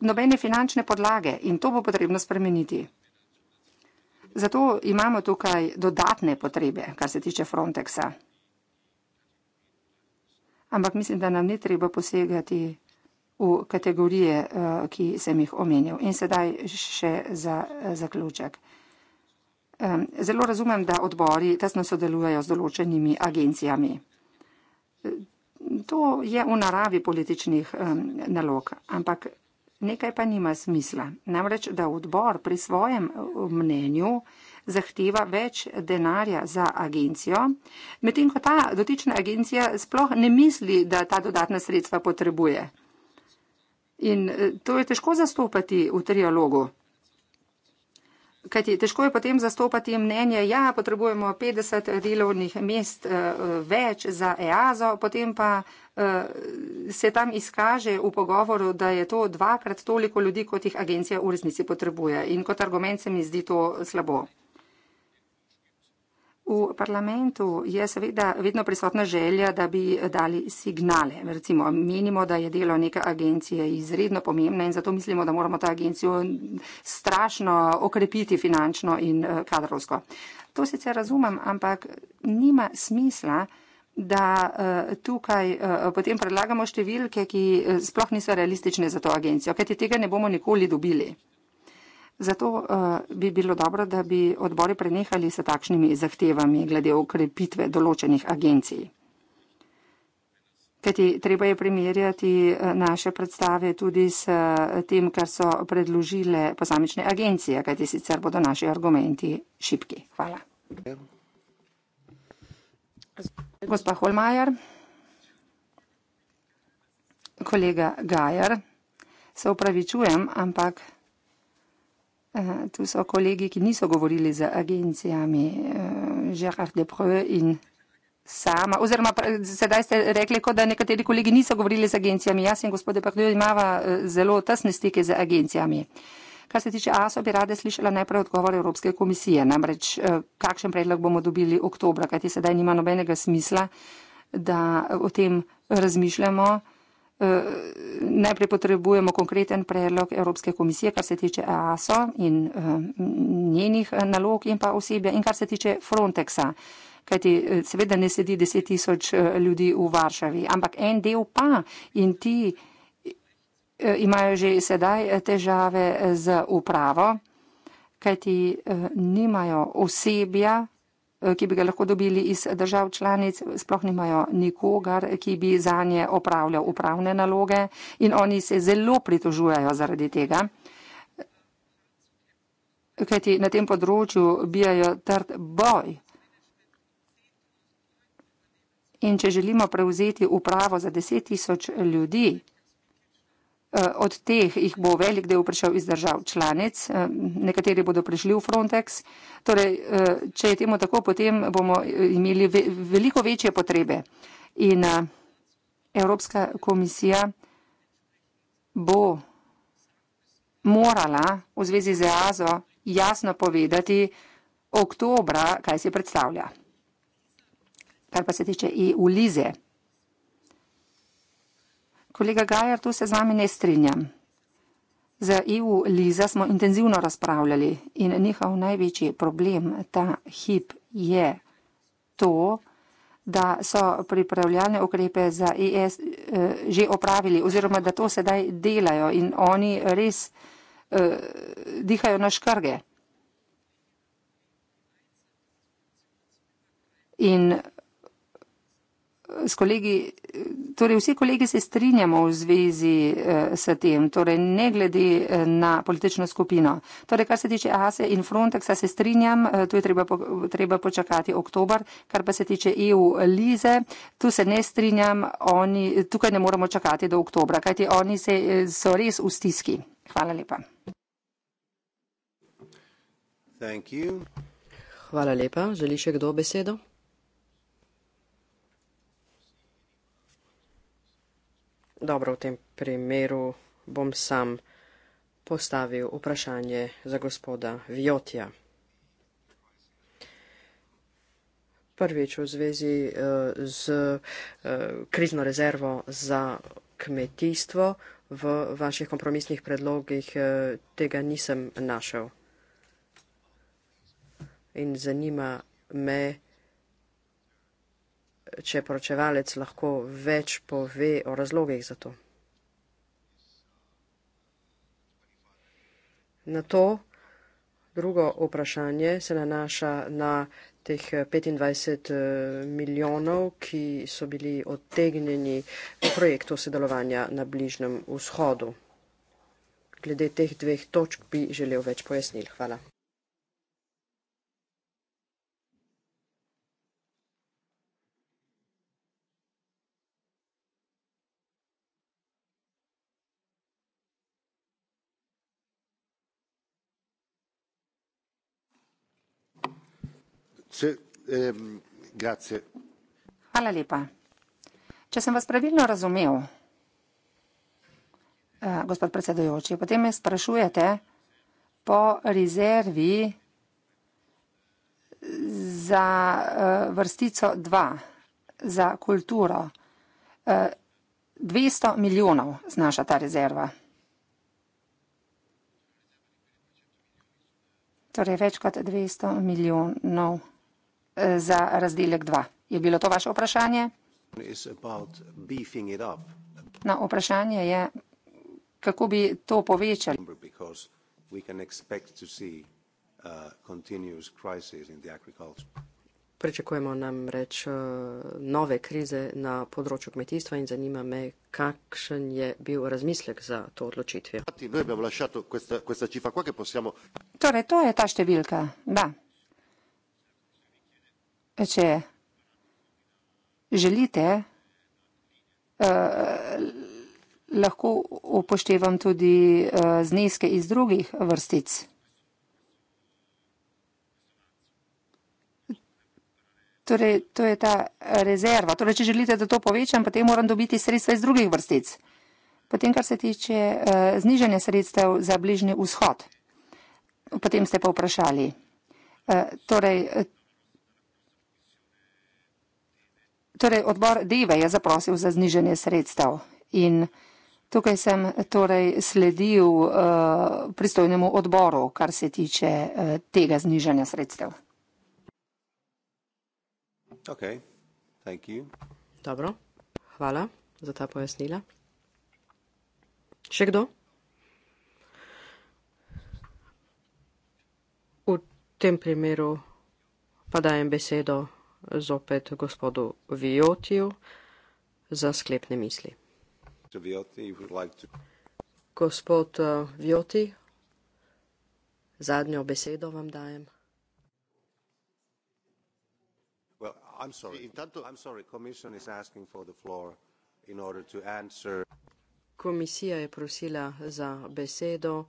Speaker 3: nobene finančne podlage in to bo potrebno spremeniti. Zato imamo tukaj dodatne potrebe, kar se tiče Frontexa. Ampak mislim, da nam ni treba posegati v kategorije, eh, ki sem jih omenil. In sedaj še za eh, zaključek. Zelo razumem, da odbori tesno sodelujejo z določenimi agencijami. To je v naravi političnih nalog, ampak nekaj pa nima smisla. Namreč, da odbor pri svojem mnenju zahteva več denarja za agencijo, medtem ko ta dotična agencija sploh ne misli, da ta dodatna sredstva potrebuje. In e, to je težko zastopati v trialogu. Kajti težko je potem zastopati mnenje, ja, potrebujemo 50 delovnih mest eh, več za EASO, potem pa eh, se tam izkaže v pogovoru, da je to dvakrat toliko ljudi, kot jih agencija v resnici potrebuje. In kot argument se mi zdi to slabo. V parlamentu je seveda vedno prisotna želja, da bi dali signale. Recimo, menimo, da je delo neke agencije izredno pomembno in zato mislimo, da moramo ta agencijo strašno okrepiti finančno in eh, kadrovsko. To sicer razumem, ampak nima smisla, da eh, tukaj eh, potem predlagamo številke, ki sploh niso realistične za to agencijo, kajti tega ne bomo nikoli dobili. Zato eh, bi bilo dobro, da bi odbori prenehali s takšnimi zahtevami glede okrepitve določenih agencij. Kajti treba je primerjati eh, naše predstave tudi s eh, tem, kar so predložile posamične agencije, kajti sicer bodo naši argumenti šipki. Hvala. Gospa Holmajer, kolega Gajer, se upravičujem, ampak. Tu so kolegi, ki niso govorili z agencijami, Žehar Depreux in sama, oziroma sedaj ste rekli, kot da nekateri kolegi niso govorili z agencijami. Jaz in gospod Depreux imava eh, zelo tesne stike z agencijami. Kar se tiče ASO, bi rada slišala najprej odgovor Evropske komisije, namreč eh, kakšen predlog bomo dobili oktobra, kajti sedaj nima nobenega smisla, da o tem razmišljamo. Eh, najprej potrebujemo konkreten predlog Evropske komisije, kar se tiče EASO in eh, njenih eh, nalog in pa osebja in kar se tiče Frontexa. Kajti seveda ne sedi 10 tisoč ljudi v Varšavi, ampak en del pa in ti imajo že sedaj težave z upravo, kajti nimajo osebja Eh, ki bi ga lahko dobili iz držav članic, sploh nimajo nikogar, ki bi za nje opravljal upravne naloge in oni se zelo pritožujejo zaradi tega. Kajti na tem področju bijajo trd boj. In če želimo prevzeti upravo za 10 tisoč ljudi, Eh, od teh jih bo velik del prišel iz držav članic, eh, nekateri bodo prišli v Frontex. Torej, eh, če je temu tako, potem bomo imeli veliko večje potrebe. In Evropska komisija bo morala v zvezi z EASO jasno povedati oktobra, kaj si predstavlja. Kar pa se tiče EU-lize. Kolega Gajar, tu se z vami ne strinjam. Za EU Liza smo intenzivno razpravljali in njihov največji problem ta hip je to, da so pripravljalne ukrepe za ES eh, že opravili oziroma da to sedaj delajo in oni res eh, dihajo na škrge. In s kolegi, torej vsi kolegi se strinjamo v zvezi eh, s tem, torej ne glede eh, na politično skupino. Torej, kar se tiče ASE in Frontexa, se strinjam, eh, tu je treba, treba počakati oktober, kar pa se tiče EU Lize, tu se ne strinjam, oni, tukaj ne moramo čakati do oktobra, kajti oni se, so res v stiski. Hvala
Speaker 4: lepa. Hvala lepa. Želi še kdo besedo? dobro, v tem primeru bom sam postavil vprašanje za gospoda Vjotja. Prvič v zvezi eh, z eh, krizno rezervo za kmetijstvo v vaših kompromisnih predlogih eh, tega nisem našel. In zanima me, če poročevalec lahko več pove o razlogih za to. Na to drugo vprašanje se nanaša na teh 25 eh, milijonov, ki so bili odtegnjeni v projektu sodelovanja na Bližnjem vzhodu. Glede teh dveh točk bi želel več pojasnil. Hvala.
Speaker 1: Ehm,
Speaker 3: Hvala lepa. Če sem vas pravilno razumel, eh, gospod predsedujoči, potem me sprašujete po rezervi za eh, vrstico 2, za kulturo. 200 eh, milijonov znaša ta rezerva. Torej več kot 200 milijonov za razdelek 2. Je bilo to vaše vprašanje? Na vprašanje je, kako bi to povečali.
Speaker 1: Uh,
Speaker 4: Pričakujemo nam reč uh, nove krize na področju kmetijstva in zanima me, kakšen je bil razmislek za to odločitvijo. Torej, to je ta številka, da
Speaker 3: če želite, eh, lahko upoštevam tudi eh, zneske iz drugih vrstic. Torej, to je ta rezerva. Torej, če želite, da to povečam, potem moram dobiti sredstva iz drugih vrstic. Potem, kar se tiče eh, znižanja sredstev za bližnji vzhod, potem ste pa vprašali. Torej, Torej, odbor Deve je zaprosil za zniženje sredstev in tukaj sem torej sledil uh, pristojnemu odboru, kar se tiče uh, tega zniženja sredstev.
Speaker 1: Okay.
Speaker 4: Dobro, hvala za ta pojasnila. Še kdo? V tem primeru pa dajem besedo zopet gospodu Viotiju za sklepne misli. Gospod eh, Vioti, zadnjo besedo vam dajem. Komisija je prosila za besedo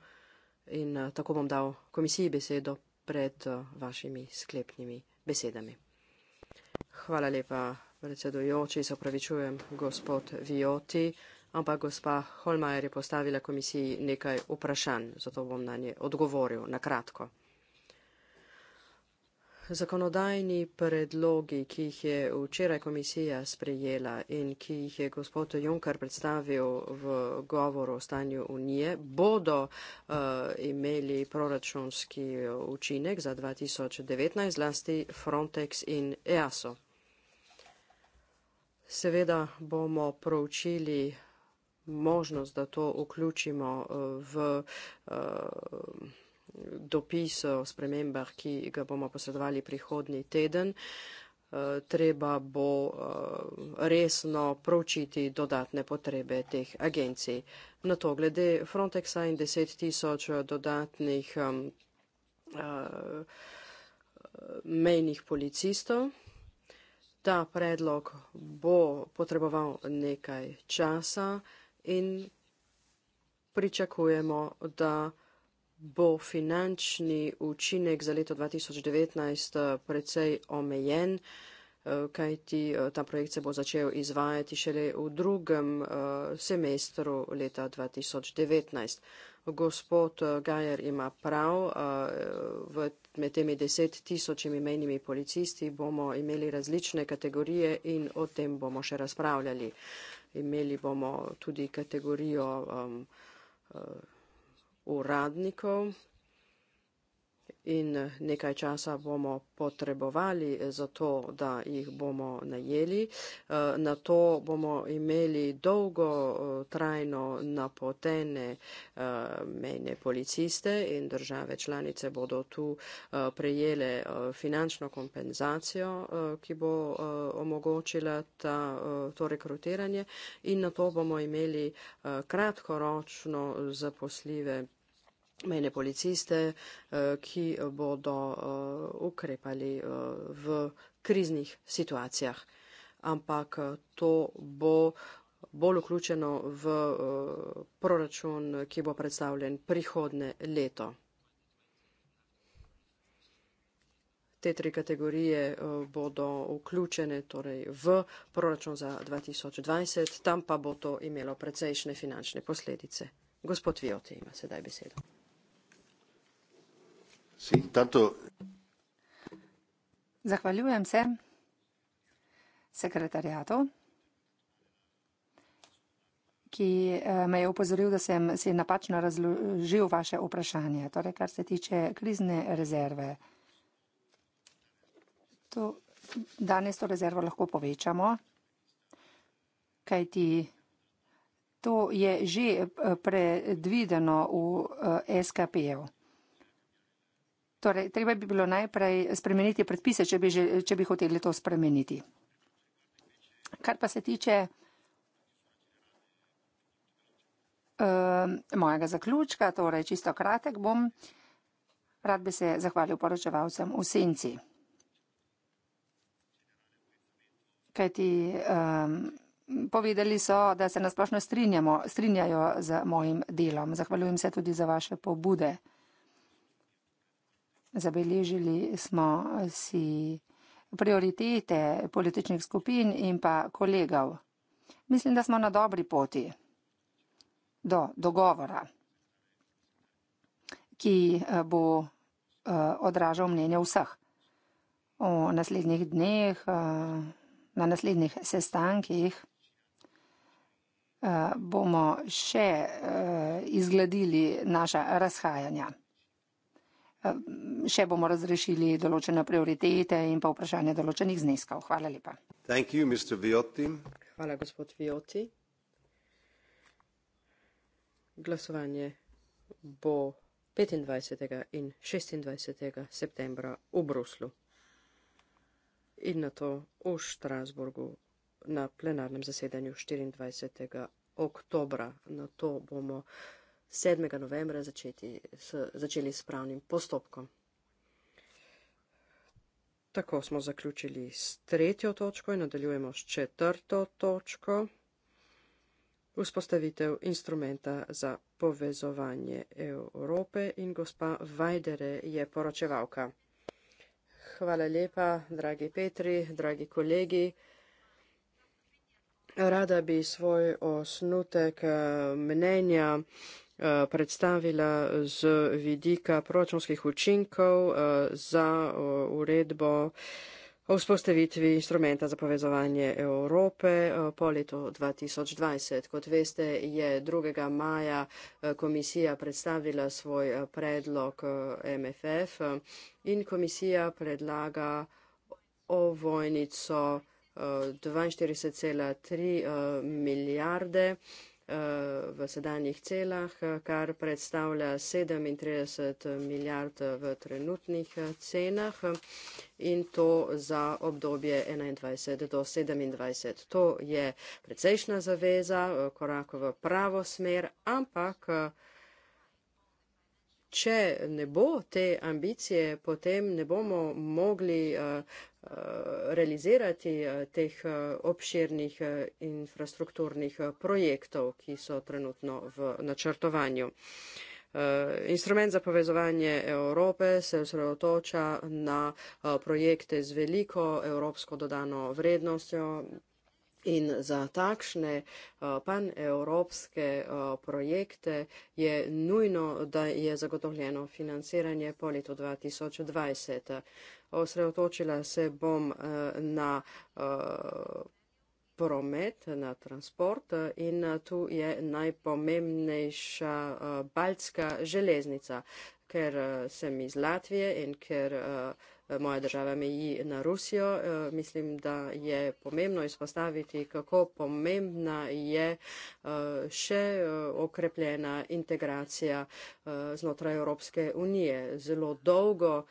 Speaker 4: in eh, tako bom dal komisiji besedo pred eh, vašimi sklepnimi besedami. Hvala lepa, predsedujoči, se opravičujem, gospod Vioti, ampak gospa Holmajer je postavila komisiji nekaj vprašanj, zato bom na nje odgovoril na kratko. Zakonodajni predlogi, ki jih je včeraj komisija sprejela in ki jih je gospod Juncker predstavil v govoru o stanju unije, bodo uh, imeli proračunski učinek za 2019, zlasti Frontex in EASO. Seveda bomo proučili možnost, da to vključimo eh, v eh, dopis o spremembah, ki ga bomo posredovali prihodnji teden. Eh, treba bo resno proučiti dodatne potrebe teh agencij. Na to glede Frontexa in 10 tisoč dodatnih mejnih policistov. Ta predlog bo potreboval nekaj časa in pričakujemo, da bo finančni učinek za leto 2019 precej omejen, eh, kajti eh, ta projekt se bo začel izvajati šele v drugem eh, semestru leta 2019 gospod eh, Gajer ima prav, eh, med temi deset tisočimi menjimi policisti bomo imeli različne kategorije in o tem bomo še razpravljali. Imeli bomo tudi kategorijo eh, uradnikov, in eh, nekaj časa bomo potrebovali eh, za to, da jih bomo najeli. Eh, na to bomo imeli dolgo trajno napotene mejne policiste in države članice bodo tu prejele finančno kompenzacijo, ki bo omogočila ta, to rekrutiranje in na to bomo imeli kratkoročno zaposljive mejne policiste, eh, ki bodo eh, ukrepali eh, v kriznih situacijah. Ampak to bo bolj vključeno v proračun, ki bo predstavljen prihodne leto. Te tri kategorije bodo vključene torej, v proračun za 2020, tam pa bo to imelo precejšne finančne posledice. Gospod Vioti ima sedaj besedo.
Speaker 3: Zahvaljujem se sekretarjatu, ki eh, me je upozoril, da sem si napačno razložil vaše vprašanje, torej kar se tiče krizne rezerve. To, danes to rezervo lahko povečamo, kajti to je že eh, predvideno v eh, SKP-ju. Torej, treba bi bilo najprej spremeniti predpise, če bi, že, če bi hoteli to spremeniti. Kar pa se tiče uh, mojega zaključka, torej čisto kratek bom, rad bi se zahvalil poročevalcem v senci. Kajti um, povedali so, da se nasplošno strinjajo z mojim delom. Zahvaljujem se tudi za vaše pobude. Zabeležili smo si prioritete političnih skupin in pa kolegov. Mislim, da smo na dobri poti do dogovora, ki eh, bo eh, odražal mnenje vseh. V naslednjih dneh, eh, na naslednjih sestankih bomo še izgledili naša razhajanja. Ehm, še bomo razrešili določene prioritete in pa vprašanje določenih zneskov. Hvala lepa.
Speaker 1: You, Hvala, gospod
Speaker 3: Vioti.
Speaker 4: Glasovanje bo 25. in 26. septembra v Bruslu in na to v Štrasburgu na plenarnem zasedanju 24. oktobra. Na to bomo. 7. novembra začeti, s, začeli s pravnim postopkom. Tako smo zaključili s tretjo točko in nadaljujemo s četrto točko. Vzpostavitev instrumenta za povezovanje Evrope in gospa Vajdere je poročevalka. Hvala lepa, dragi Petri, dragi kolegi. Rada bi svoj osnutek eh, mnenja Eh, predstavila z vidika proračunskih učinkov eh, za eh, uredbo o vzpostavitvi instrumenta za povezovanje Evrope po letu 2020. Kot veste, je 2. maja komisija predstavila svoj predlog MFF in komisija predlaga ovojnico 42,3 milijarde. Eh, v sedanjih celah, kar predstavlja 37 milijard v trenutnih eh, cenah in to za obdobje 21 do 27. To je precejšna zaveza, eh, korak v pravo smer, ampak. Če ne bo te ambicije, potem ne bomo mogli uh, Eh, realizirati eh, teh eh, obširnih infrastrukturnih projektov, ki so trenutno v načrtovanju. Instrument za povezovanje Evrope se osredotoča na projekte z veliko evropsko dodano vrednostjo, In za takšne eh, panevropske eh, projekte je nujno, da je zagotovljeno financiranje po letu 2020. Osredotočila se bom eh, na promet, na transport in tu je najpomembnejša baltska železnica, ker sem iz Latvije in ker moja država meji na Rusijo. E, mislim, da je pomembno izpostaviti, kako pomembna je e, še e, okrepljena integracija znotraj Evropske unije. Zelo dolgo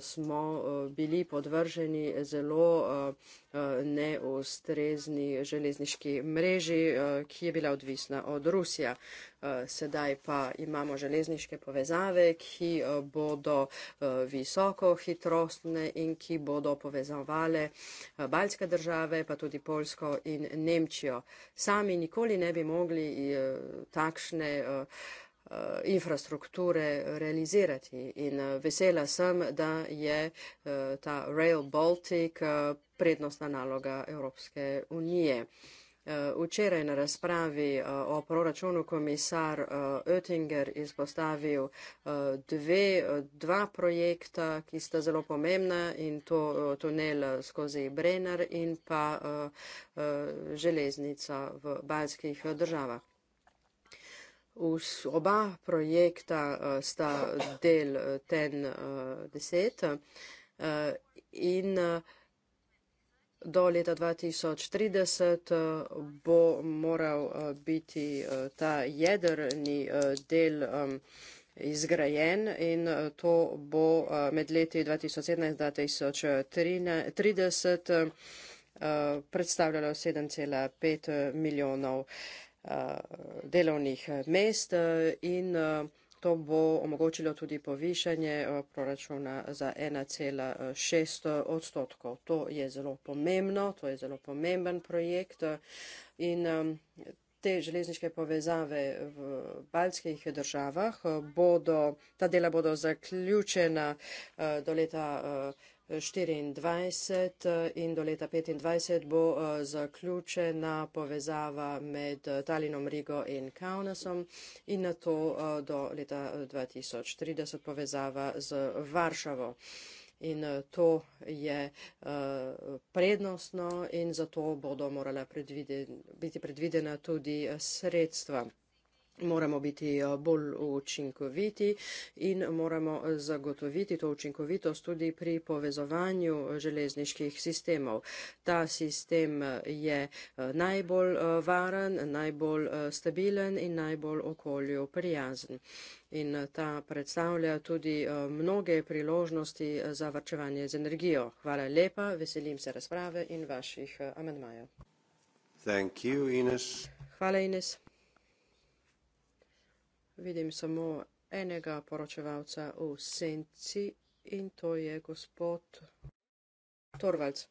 Speaker 4: smo bili podvrženi zelo neustrezni železniški mreži, ki je bila odvisna od Rusije. Eh, sedaj pa imamo železniške povezave, ki eh, bodo eh, visoko hitrostne in ki bodo povezovale baljske države, pa tudi Polsko in Nemčijo. Sami nikoli ne bi mogli takšne infrastrukture realizirati. In vesela sem, da je ta Rail Baltic prednostna naloga Evropske unije. Eh, včeraj na razpravi eh, o proračunu komisar eh, Oettinger izpostavil dve, dva projekta, ki sta zelo pomembna in to tunel skozi Brenner in pa železnica v baljskih državah. Vs, oba projekta sta del ten deset in do leta 2030 eh, bo moral eh, biti eh, ta jedrni del izgrajen in to bo med leti 2017-2030 predstavljalo 7,5 milijonov delovnih mest in To bo omogočilo tudi povišanje eh, proračuna za 1,6 eh, odstotkov. To je zelo pomembno, to je zelo pomemben projekt eh, in te železniške povezave v baljskih državah bodo, ta dela bodo zaključena do leta 2020. 24 eh, in do leta 25 bo eh, zaključena povezava med eh, Talinom, Rigo in Kaunasom in na to do leta 2030 povezava z Varšavo. In to je uh, prednostno in zato bodo morala predviden, biti predvidena tudi sredstva moramo biti eh, bolj učinkoviti in moramo eh, zagotoviti to učinkovitost tudi pri povezovanju eh, železniških sistemov. Ta sistem je najbolj varen, najbolj stabilen in najbolj okolju prijazen. In ta predstavlja tudi mnoge priložnosti za vrčevanje z energijo. Hvala lepa, veselim se razprave in vaših amendmajev. Hvala, Ines vidim samo enega poročevalca v senci in to je gospod Torvalc.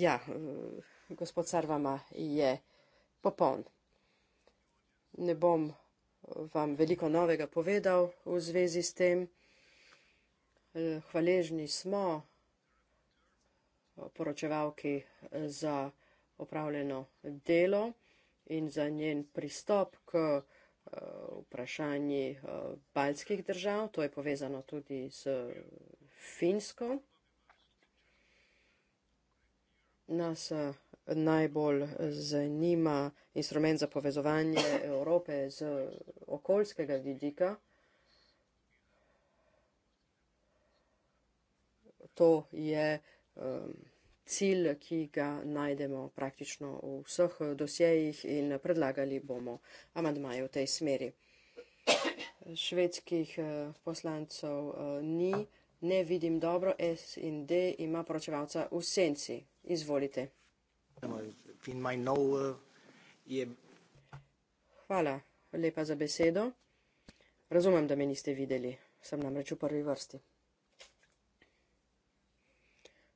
Speaker 4: Ja, gospod car vama je popoln. Ne bom vam veliko novega povedal v zvezi s tem. Hvaležni smo poročevalki za opravljeno delo in za njen pristop k eh, vprašanji eh, baljskih držav. To je povezano tudi s Finsko. Nas eh, najbolj zanima instrument za povezovanje Evrope z okoljskega vidika. To je um, cilj, ki ga najdemo praktično v vseh dosjejih in predlagali bomo amadmaje v tej smeri. Švedskih eh, poslancov eh, ni, ne vidim dobro, S in D ima poročevalca v senci. Izvolite. Eh, Hvala lepa za besedo. Razumem, da me niste videli, sem namreč v prvi vrsti.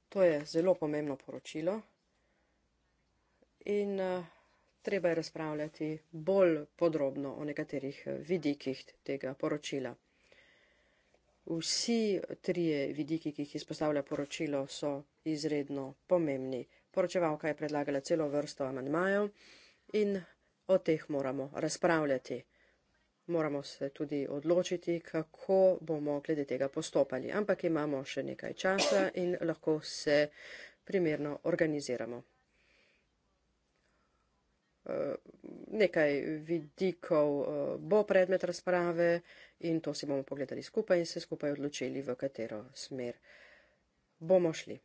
Speaker 4: To je zelo pomembno poročilo in eh, treba je razpravljati bolj podrobno o nekaterih eh, vidikih tega poročila. Vsi trije vidiki, ki jih izpostavlja poročilo, so izredno pomembni. Poročevalka je predlagala celo vrsto amandmajev in o teh moramo razpravljati moramo se tudi odločiti, kako bomo glede tega postopali. Ampak imamo še nekaj časa in lahko se primerno organiziramo. Eh, nekaj vidikov eh, bo predmet razprave in to si bomo pogledali skupaj in se skupaj odločili, v katero smer bomo šli.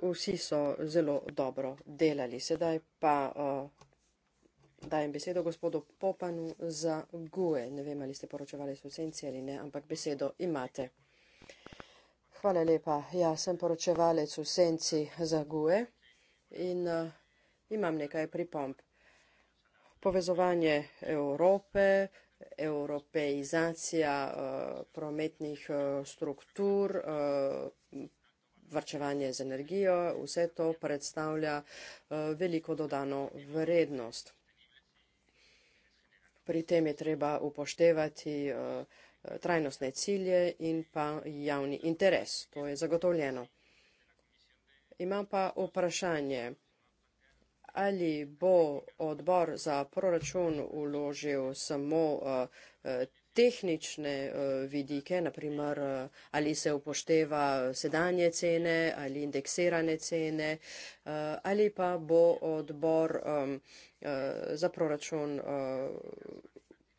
Speaker 4: Vsi so zelo dobro delali, sedaj pa uh, Dajem besedo gospodu Popanu za GUE. Ne vem, ali ste poročevali s vsemci ali ne, ampak besedo imate. Hvala lepa. Ja, sem poročevalec v senci za GUE in uh, imam nekaj pripomp. Povezovanje Evrope, europeizacija uh, eh, prometnih uh, struktur, uh, vrčevanje z energijo, vse to predstavlja uh, veliko dodano vrednost. Pri tem je treba upoštevati eh, trajnostne cilje in pa javni interes. To je zagotovljeno. Imam pa vprašanje, ali bo odbor za proračun uložil samo eh, eh, tehnične eh, vidike, naprimer eh, ali se upošteva sedanje cene ali indeksirane cene eh, ali pa bo odbor ehm, za proračun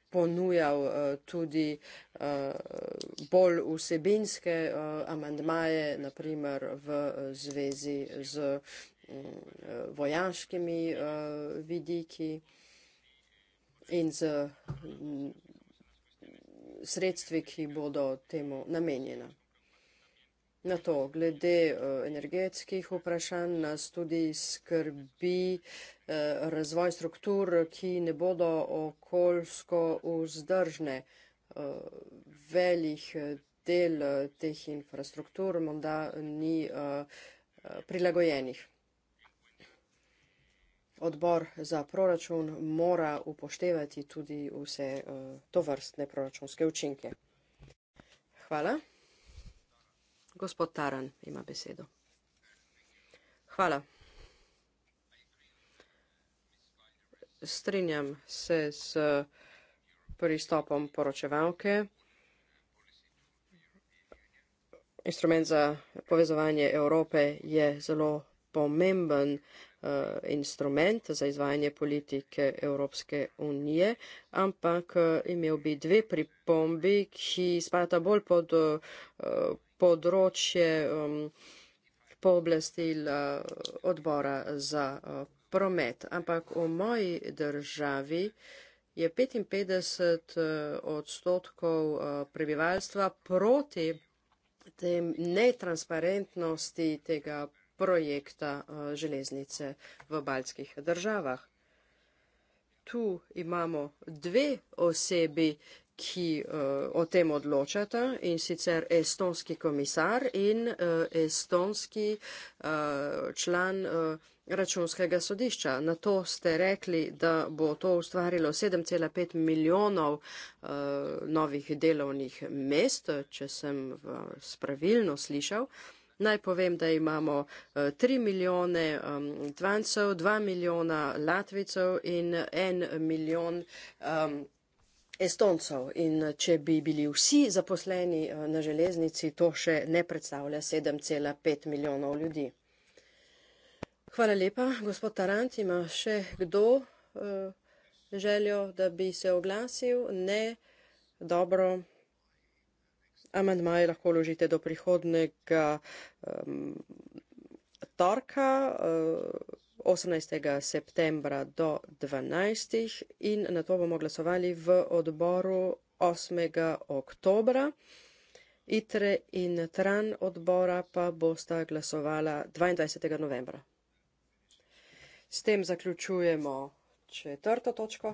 Speaker 4: ponujal tudi bolj vsebinske amandmaje, naprimer v zvezi z mm, vojaškimi vidiki in z mm, sredstvi, ki bodo temu namenjena. Na to, glede eh, energetskih vprašanj, nas tudi skrbi eh, razvoj struktur, ki ne bodo okoljsko vzdržne. Eh, velik del teh infrastruktur morda ni prilagojenih odbor za proračun mora upoštevati tudi vse eh, to vrstne proračunske učinke. Hvala. Gospod Taran ima besedo. Hvala. Strinjam se s pristopom poročevalke. Instrument za povezovanje Evrope je zelo pomemben, Eh, instrument za izvajanje politike Evropske unije, ampak eh, imel bi dve pripombi, ki spadata bolj pod eh, področje um, pooblastil odbora za promet. Ampak v moji državi je 55 odstotkov prebivalstva proti tem netransparentnosti tega projekta eh, železnice v baljskih državah. Tu imamo dve osebi, ki eh, o tem odločata in sicer estonski komisar in eh, estonski član računskega sodišča. Na to ste rekli, da bo to ustvarilo 7,5 milijonov novih delovnih mest, če sem spravilno slišal. Naj povem, da imamo 3 eh, milijone um, Tvancev, 2 milijona Latvicev in 1 milijon. Um, Estoncov in eh, če bi bili vsi zaposleni eh, na železnici, to še ne predstavlja 7,5 milijonov ljudi. Hvala lepa. Gospod Tarant, ima še kdo uh, željo, da bi se oglasil? Ne, dobro. Amendmaje lahko ložite do prihodnega um, torka, uh, eh, 18. septembra do 12. in na to bomo glasovali v odboru 8. oktobra. ITRE in TRAN odbora pa bosta glasovala 22. novembra. S tem zaključujemo četrto točko.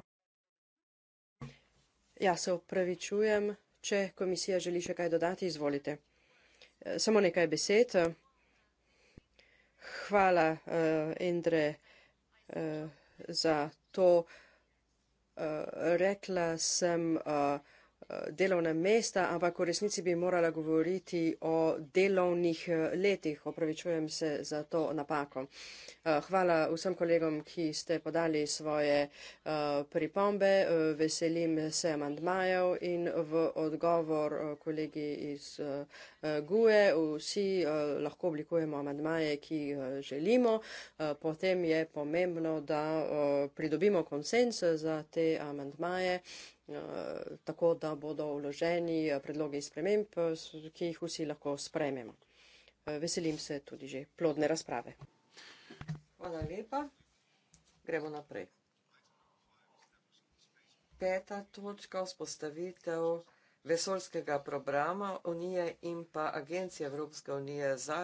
Speaker 4: Ja, se opravičujem. Če komisija želi še kaj dodati, izvolite. E, samo nekaj besed. Hvala, e, Endre, e, za to. Rekla sem, da. Eh, delovna mesta, ampak v resnici bi morala govoriti o delovnih eh, letih. Opravičujem se za to napako. Eh, hvala vsem kolegom, ki ste podali svoje pripombe. Veselim se mandmajev in v odgovor kolegi iz GUE. Vsi lahko oblikujemo mandmaje, ki želimo. Potem je pomembno, da pridobimo konsens za te mandmaje. Eh, tako da bodo vloženi eh, predlogi sprememb, eh, ki jih vsi lahko sprememo. Veselim se tudi že plodne razprave.
Speaker 2: Hvala lepa. Gremo naprej. Peta točka vzpostavitev vesolskega programa Unije in pa Agencije Evropske unije za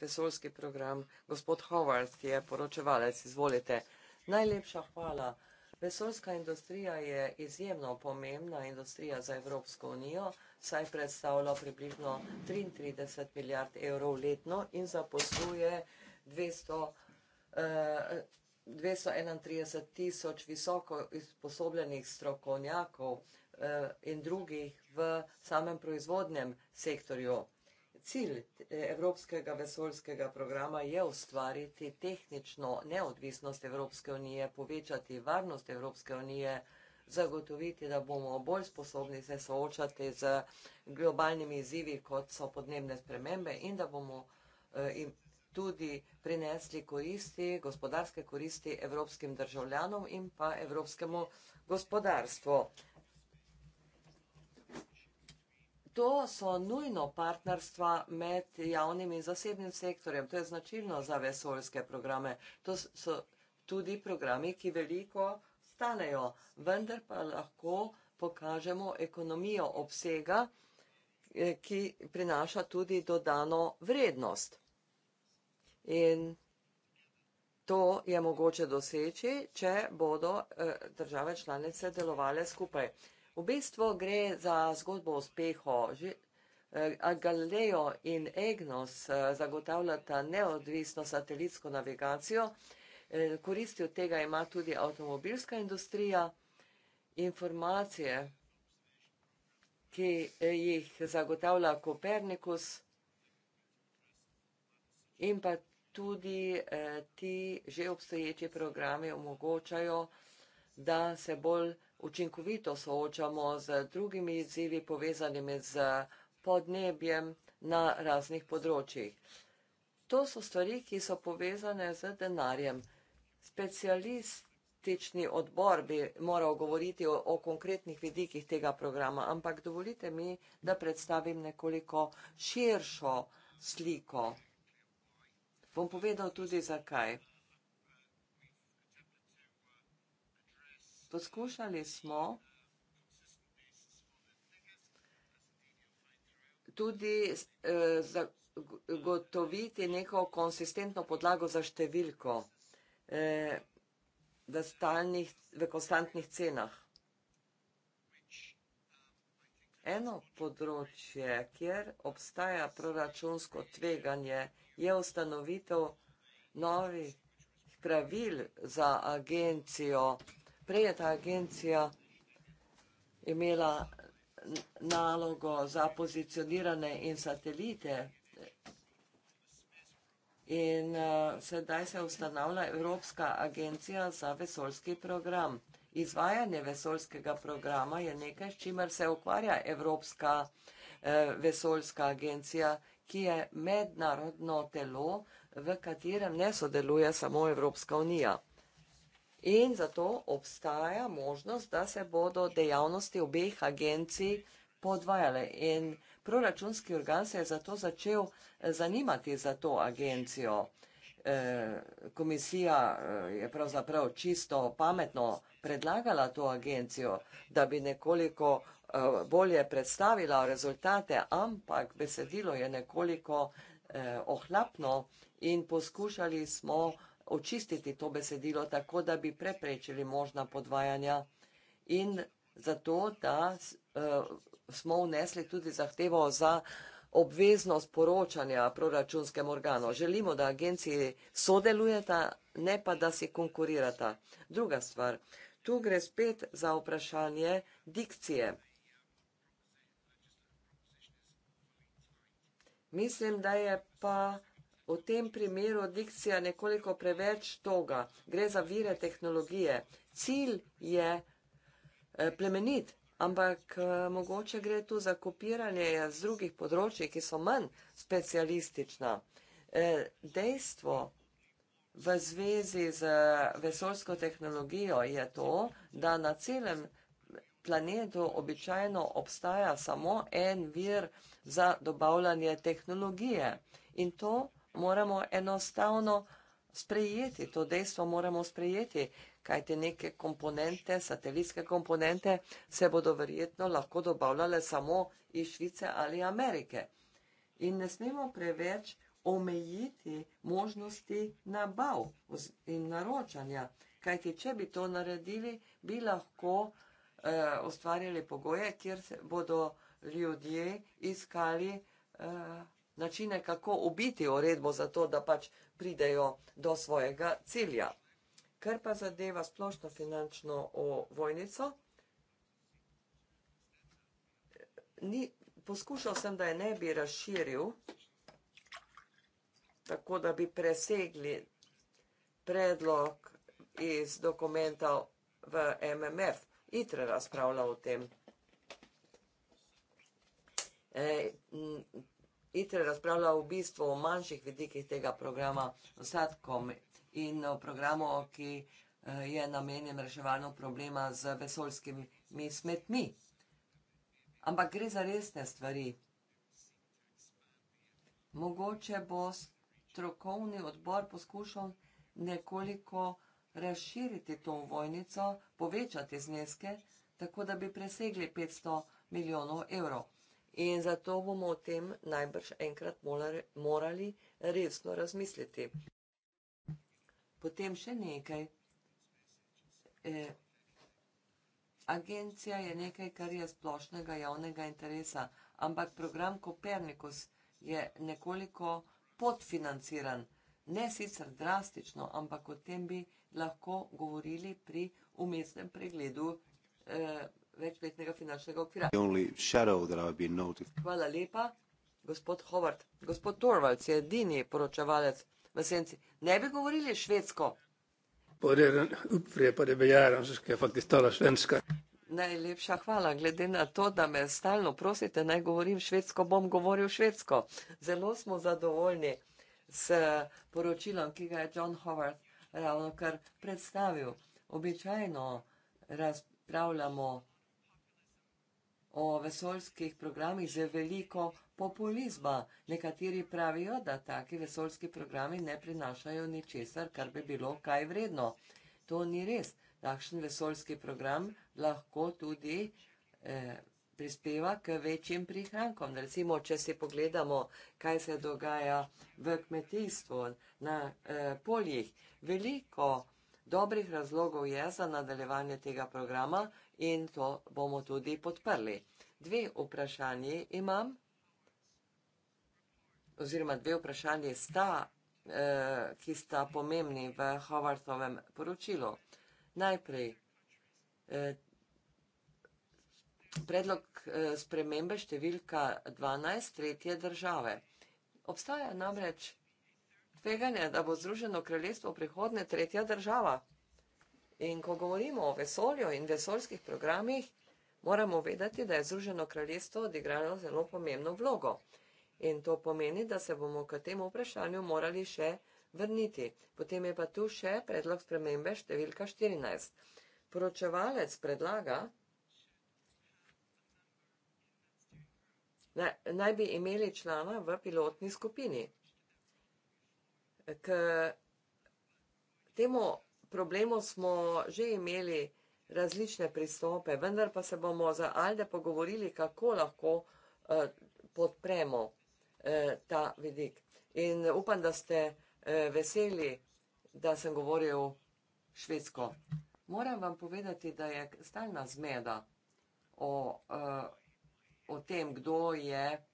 Speaker 2: vesolski program. Gospod Howard je poročevalec, izvolite. Najlepša hvala. Vesoljska industrija je izjemno pomembna industrija za Evropsko unijo, saj predstavlja približno 33 milijard evrov letno in zaposluje 200, eh, 231 tisoč visoko izposobljenih strokovnjakov eh, in drugih v samem proizvodnem sektorju cilj eh, Evropskega vesoljskega programa je ustvariti tehnično neodvisnost Evropske unije, povečati varnost Evropske unije, zagotoviti, da bomo bolj sposobni se soočati z globalnimi izzivi, kot so podnebne spremembe in da bomo eh, in tudi prinesli koristi, gospodarske koristi evropskim državljanom in pa evropskemu gospodarstvu. To so nujno partnerstva med javnim in zasebnim sektorjem. To je značilno za vesoljske programe. To so tudi programi, ki veliko stanejo, vendar pa lahko pokažemo ekonomijo obsega, eh, ki prinaša tudi dodano vrednost. In to je mogoče doseči, če bodo eh, države članice delovale skupaj. V bistvu gre za zgodbo o uspehu. Eh, Galileo in Egnos eh, zagotavljata neodvisno satelitsko navigacijo. Eh, koristi od tega ima tudi avtomobilska industrija. Informacije, ki jih zagotavlja Kopernikus in pa tudi ti že obstoječi programe omogočajo, da se bolj učinkovito soočamo z drugimi izzivi povezanimi z podnebjem na raznih področjih. To so stvari, ki so povezane z denarjem. Specialistični odbor bi moral govoriti o, o konkretnih vidikih tega programa, ampak dovolite mi, da predstavim nekoliko širšo sliko. Bom povedal tudi zakaj. Poskušali smo tudi eh, zagotoviti neko konsistentno podlago za številko eh, v, stalnih, v konstantnih cenah. Eno področje, kjer obstaja proračunsko tveganje, je ustanovitev novih pravil za agencijo. Prej je ta agencija imela nalogo za pozicionirane in satelite in uh, sedaj se ustanavlja Evropska agencija za vesoljski program. Izvajanje vesoljskega programa je nekaj, s čimer se ukvarja Evropska uh, vesoljska agencija, ki je mednarodno telo, v katerem ne sodeluje samo Evropska unija. In zato obstaja možnost, da se bodo dejavnosti obeh agencij podvajale. In proračunski organ se je zato začel eh, zanimati za to agencijo. Eh, komisija eh, je pravzaprav čisto pametno predlagala to agencijo, da bi nekoliko bolje predstavila rezultate, ampak besedilo je nekoliko ohlapno in poskušali smo očistiti to besedilo tako, da bi preprečili možna podvajanja in zato, da uh, smo vnesli tudi zahtevo za obveznost poročanja proračunskem organu. Želimo, da agenciji sodelujeta, ne pa, da si konkurirata. Druga stvar, tu gre spet za vprašanje dikcije. Mislim, da je pa V tem primeru dikcija nekoliko preveč toga. Gre za vire tehnologije. Cilj je eh, plemenit, ampak eh, mogoče gre tu za kopiranje z drugih področji, ki so manj specialistična. Eh, dejstvo v zvezi z vesolsko tehnologijo je to, da na celem planetu običajno obstaja samo en vir za dobavljanje tehnologije. In to moramo enostavno sprejeti, to dejstvo moramo sprejeti, kajte neke komponente, satelitske komponente se bodo verjetno lahko dobavljale samo iz Švice ali Amerike. In ne smemo preveč omejiti možnosti nabav in naročanja, kajte če bi to naredili, bi lahko eh, ustvarjali pogoje, kjer se bodo ljudje iskali eh, načine, kako ubiti uredbo za to, da pač pridejo do svojega cilja. Ker pa zadeva splošno finančno vojnico, ni, poskušal sem, da je ne bi razširil, tako da bi presegli predlog iz dokumenta v MMF. ITRE razpravlja o tem. E, ITRE razpravlja v bistvu o manjših vidikih tega programa SATCOM in o programu, ki eh, je namenjen reševanju problema z vesoljskimi smetmi. Ampak gre za resne stvari. Mogoče bo strokovni odbor poskušal nekoliko razširiti to vojnico, povečati zneske, tako da bi presegli 500 milijonov evrov. In zato bomo o tem najbrž enkrat morali resno razmisliti. Potem še nekaj. E, agencija je nekaj, kar je splošnega javnega interesa, ampak program Kopernikus je nekoliko podfinanciran. Ne sicer drastično, ampak o tem bi lahko govorili pri umestnem pregledu. E, večletnega finančnega okvira. Hvala lepa, gospod Howard. Gospod Torvalds je edini poročevalec v senci. Ne bi govorili švedsko. Ja, Najlepša hvala, glede na to, da me stalno prosite, naj govorim švedsko, bom govoril švedsko. Zelo smo zadovoljni s eh, poročilom, ki ga je John Howard ravno kar predstavil. Običajno razpravljamo o vesoljskih programih že veliko populizma. Nekateri pravijo, da taki vesoljski programi ne prinašajo ničesar, kar bi bilo kaj vredno. To ni res. Takšen vesoljski program lahko tudi eh, prispeva k večjim prihrankom. Recimo, če si pogledamo, kaj se dogaja v kmetijstvu na eh, poljih, veliko dobrih razlogov je za nadaljevanje tega programa, in to bomo tudi podprli. Dve vprašanje imam, oziroma dve vprašanje sta, eh, ki sta pomembni v Howardovem poročilu. Najprej, eh, predlog eh, spremembe številka 12 tretje države. Obstaja namreč tveganje, da bo Združeno kraljestvo prihodne tretja država. In ko govorimo o vesolju in vesoljskih programih, moramo vedeti, da je Združeno kraljestvo odigralo zelo pomembno vlogo. In to pomeni, da se bomo k temu vprašanju morali še vrniti. Potem je pa tu še predlog spremembe številka 14. Poročevalec predlaga, naj bi imeli člana v pilotni skupini. K temu problemov smo že imeli različne pristope, vendar pa se bomo za Alde pogovorili, kako lahko eh, podpremo eh, ta vidik. In upam, da ste eh, veseli, da sem govoril švedsko. Moram vam povedati, da je stalna zmeda o, o tem, kdo je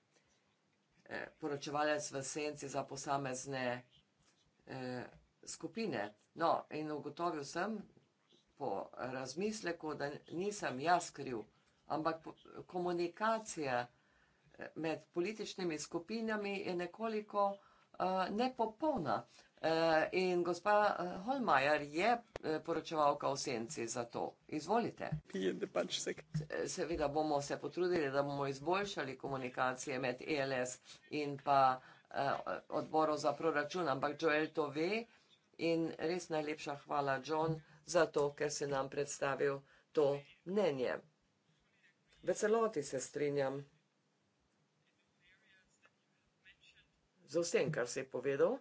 Speaker 2: poročevalec v senci za posamezne skupine. No, in ugotovil sem po razmisleku, da nisem jaz kriv, ampak komunikacija eh, med političnimi skupinami je nekoliko uh, nepopolna. Uh, in gospa Holmajer je poročevalka v senci za to. Izvolite. Pač seveda bomo se potrudili, da bomo izboljšali komunikacije med ELS in pa uh, odborom za proračun, ampak Joel to ve. In res najlepša hvala, John, za to, ker si nam predstavil to mnenje. V celoti se strinjam z vsem, kar si povedal.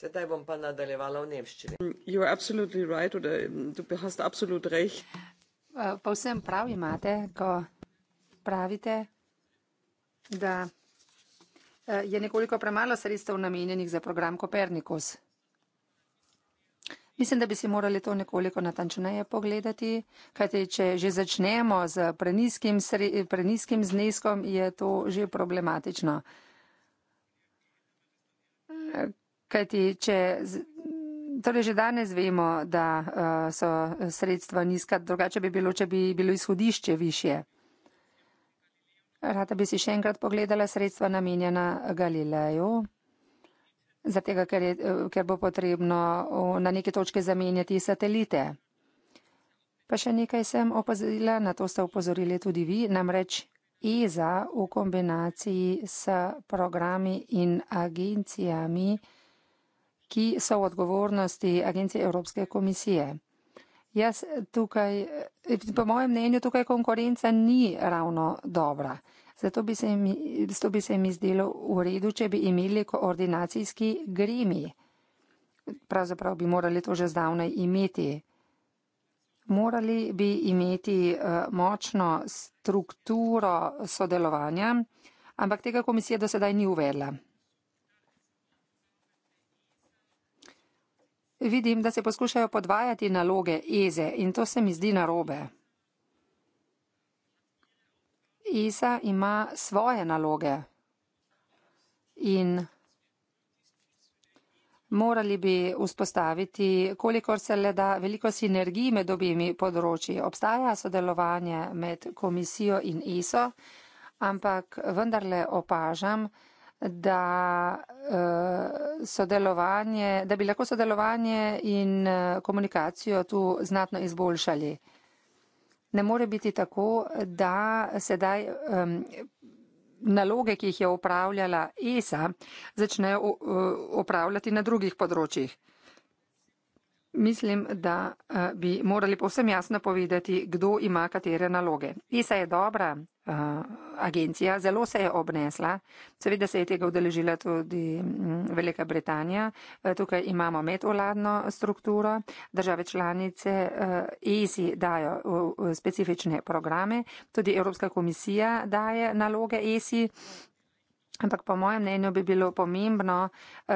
Speaker 2: Sedaj bom pa nadaljevala v nemščini.
Speaker 3: Right, uh, povsem prav imate, ko pravite, da. Eh, je nekoliko premalo sredstev namenjenih za program Kopernikus. Mislim, da bi si morali to nekoliko natančneje pogledati, kajte če že začnemo z preniskim, preniskim zneskom, je to že problematično. Eh, kajte, če, torej že danes vemo, da eh, so sredstva nizka, drugače bi bilo, če bi bilo izhodišče više. Rada bi si še enkrat pogledala sredstva namenjena Galileju, zatega, ker, je, ker bo potrebno na neki točki zamenjati satelite. Pa še nekaj sem opazila, na to ste upozorili tudi vi, namreč EZA v kombinaciji s programi in agencijami, ki so v odgovornosti Agencije Evropske komisije. Jaz eh, tukaj, eh, eh, po mojem mnenju, tukaj konkurenca ni ravno dobra. Zato bi se mi, zato bi se mi zdelo v redu, če bi imeli koordinacijski gremi. Pravzaprav bi morali to že zdavnaj imeti. Morali bi imeti močno strukturo sodelovanja, ampak tega komisija do sedaj ni uvedla. Vidim, da se poskušajo podvajati naloge Eze in to se mi zdi narobe. Isa ima svoje naloge in morali bi vzpostaviti, kolikor se le da, veliko sinergij med obimi področji. Obstaja sodelovanje med komisijo in ISO, ampak vendarle opažam, da, eh, sodelovanje, da bi lahko sodelovanje in eh, komunikacijo tu znatno izboljšali. Ne more biti tako, da sedaj um, naloge, ki jih je upravljala ESA, začnejo upravljati eh, na drugih področjih. Mislim, da eh, bi morali povsem jasno povedati, kdo ima katere naloge. ISA je dobra uh, agencija, zelo se je obnesla, seveda se je tega udeležila tudi mm, Velika Britanija. Eh, tukaj imamo medvladno strukturo, države članice ISI e uh, dajo uh, specifične programe, tudi Evropska komisija daje naloge ISI, e ampak po mojem mnenju bi bilo pomembno. Uh,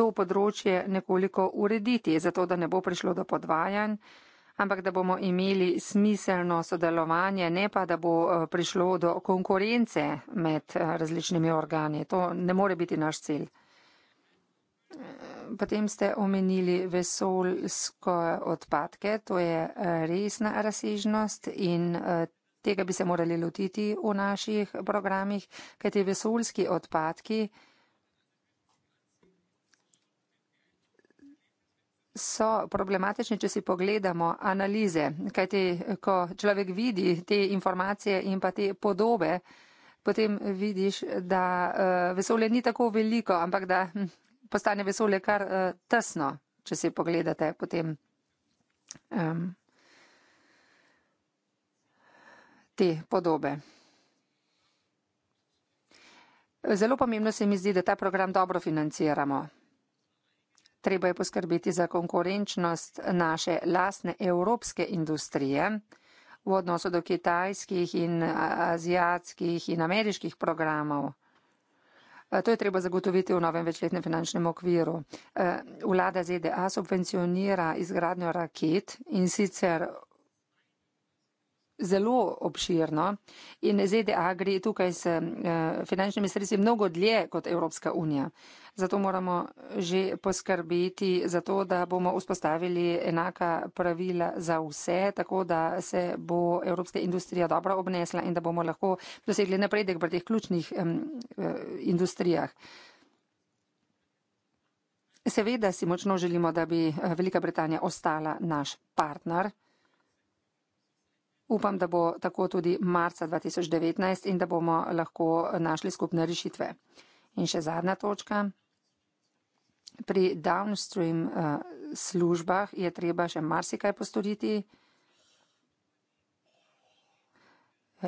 Speaker 3: to področje nekoliko urediti, zato da ne bo prišlo do podvajanj, ampak da bomo imeli smiselno sodelovanje, ne pa da bo eh, prišlo do konkurence med eh, različnimi organi. To ne more biti naš cilj. Eh, potem ste omenili vesoljske odpadke, to je resna razsežnost in tega bi se morali lotiti v naših programih, kajti vesoljski odpadki. so problematične, če si pogledamo analize, kajti ko človek vidi te informacije in pa te podobe, potem vidiš, da eh, vesolje ni tako veliko, ampak da hm, postane vesolje kar eh, tesno, če si pogledate potem um, te podobe. Zelo pomembno se mi zdi, da ta program dobro financiramo treba je poskrbeti za konkurenčnost naše lastne evropske industrije v odnosu do kitajskih in azijskih in ameriških programov. To je treba zagotoviti v novem večletnem finančnem okviru. Vlada ZDA subvencionira izgradnjo raket in sicer zelo obširno in ZDA gre tukaj s eh, finančnimi sredstvi mnogo dlje kot Evropska unija. Zato moramo že poskrbeti za to, da bomo vzpostavili enaka pravila za vse, tako da se bo evropska industrija dobro obnesla in da bomo lahko dosegli napredek v teh ključnih um, industrijah. Seveda si močno želimo, da bi eh, Velika Britanija ostala naš partner. Upam, da bo tako tudi marca 2019 in da bomo lahko našli skupne rešitve. In še zadnja točka. Pri downstream uh, službah je treba še marsikaj postoriti.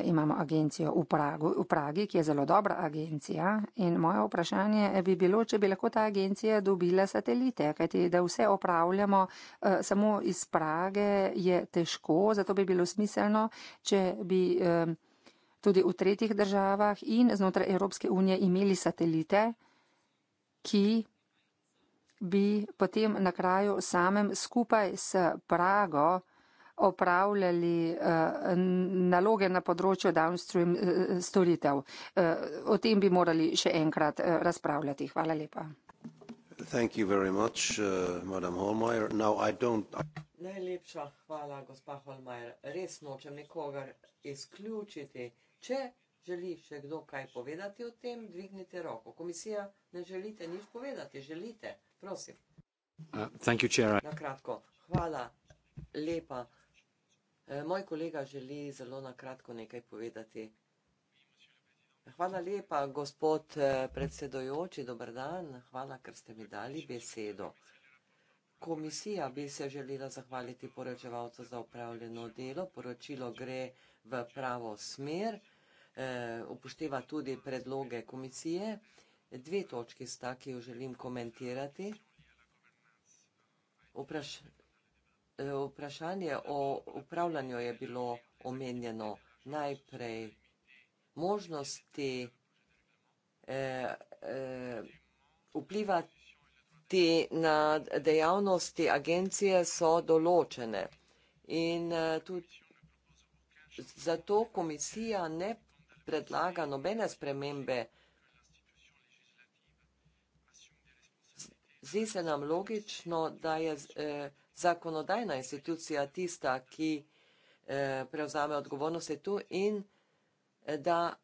Speaker 3: imamo agencijo v, Pragu, v Pragi, ki je zelo dobra agencija. In moje vprašanje bi bilo, če bi lahko ta agencija dobila satelite, kajti da vse opravljamo uh, samo iz Prage je težko, zato bi bilo smiselno, če bi. Um, tudi v tretjih državah in znotraj Evropske unije imeli satelite, ki bi potem na kraju samem skupaj s Prago opravljali eh, naloge na področju downstream eh, storitev. Eh, o tem bi morali še enkrat razpravljati. Hvala lepa.
Speaker 1: Thank you very much, uh, Madam Holmeyer. Now I don't.
Speaker 2: Najlepša hvala, gospa Holmeyer. Res nočem nikogar izključiti. Če želi še kdo kaj povedati o tem, dvignite roko. Komisija ne želite nič povedati, želite. Prosim.
Speaker 1: Uh, thank you, Chair. Na
Speaker 2: kratko. Hvala lepa. Eh, moj kolega želi zelo na kratko nekaj povedati. Hvala lepa, gospod eh, predsedojoči, dober dan. Hvala, ker ste mi dali besedo. Komisija bi se želela zahvaliti poročevalcu za upravljeno delo. Poročilo gre v pravo smer, eh, upošteva tudi predloge komisije. Dve točki sta, ki jo želim komentirati. Vpraš, vprašanje o upravljanju je bilo omenjeno najprej. Možnosti eh, eh, vplivati na dejavnosti agencije so določene in eh, tudi zato komisija ne predlaga nobene spremembe. Zdi se nam logično, da je. Eh, zakonodajna institucija tista, ki eh, prevzame odgovornost je tu in eh, da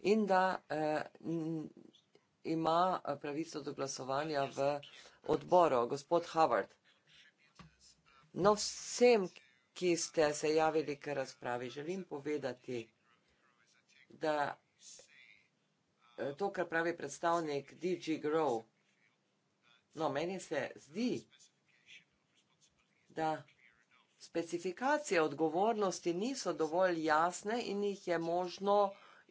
Speaker 2: in da eh, ima pravico do glasovanja v odboru. Gospod Howard, no vsem, ki ste se javili k razpravi, želim povedati, da to, kar pravi predstavnik DG Grove, No, meni se zdi, da specifikacije odgovornosti niso dovolj jasne in jih je možno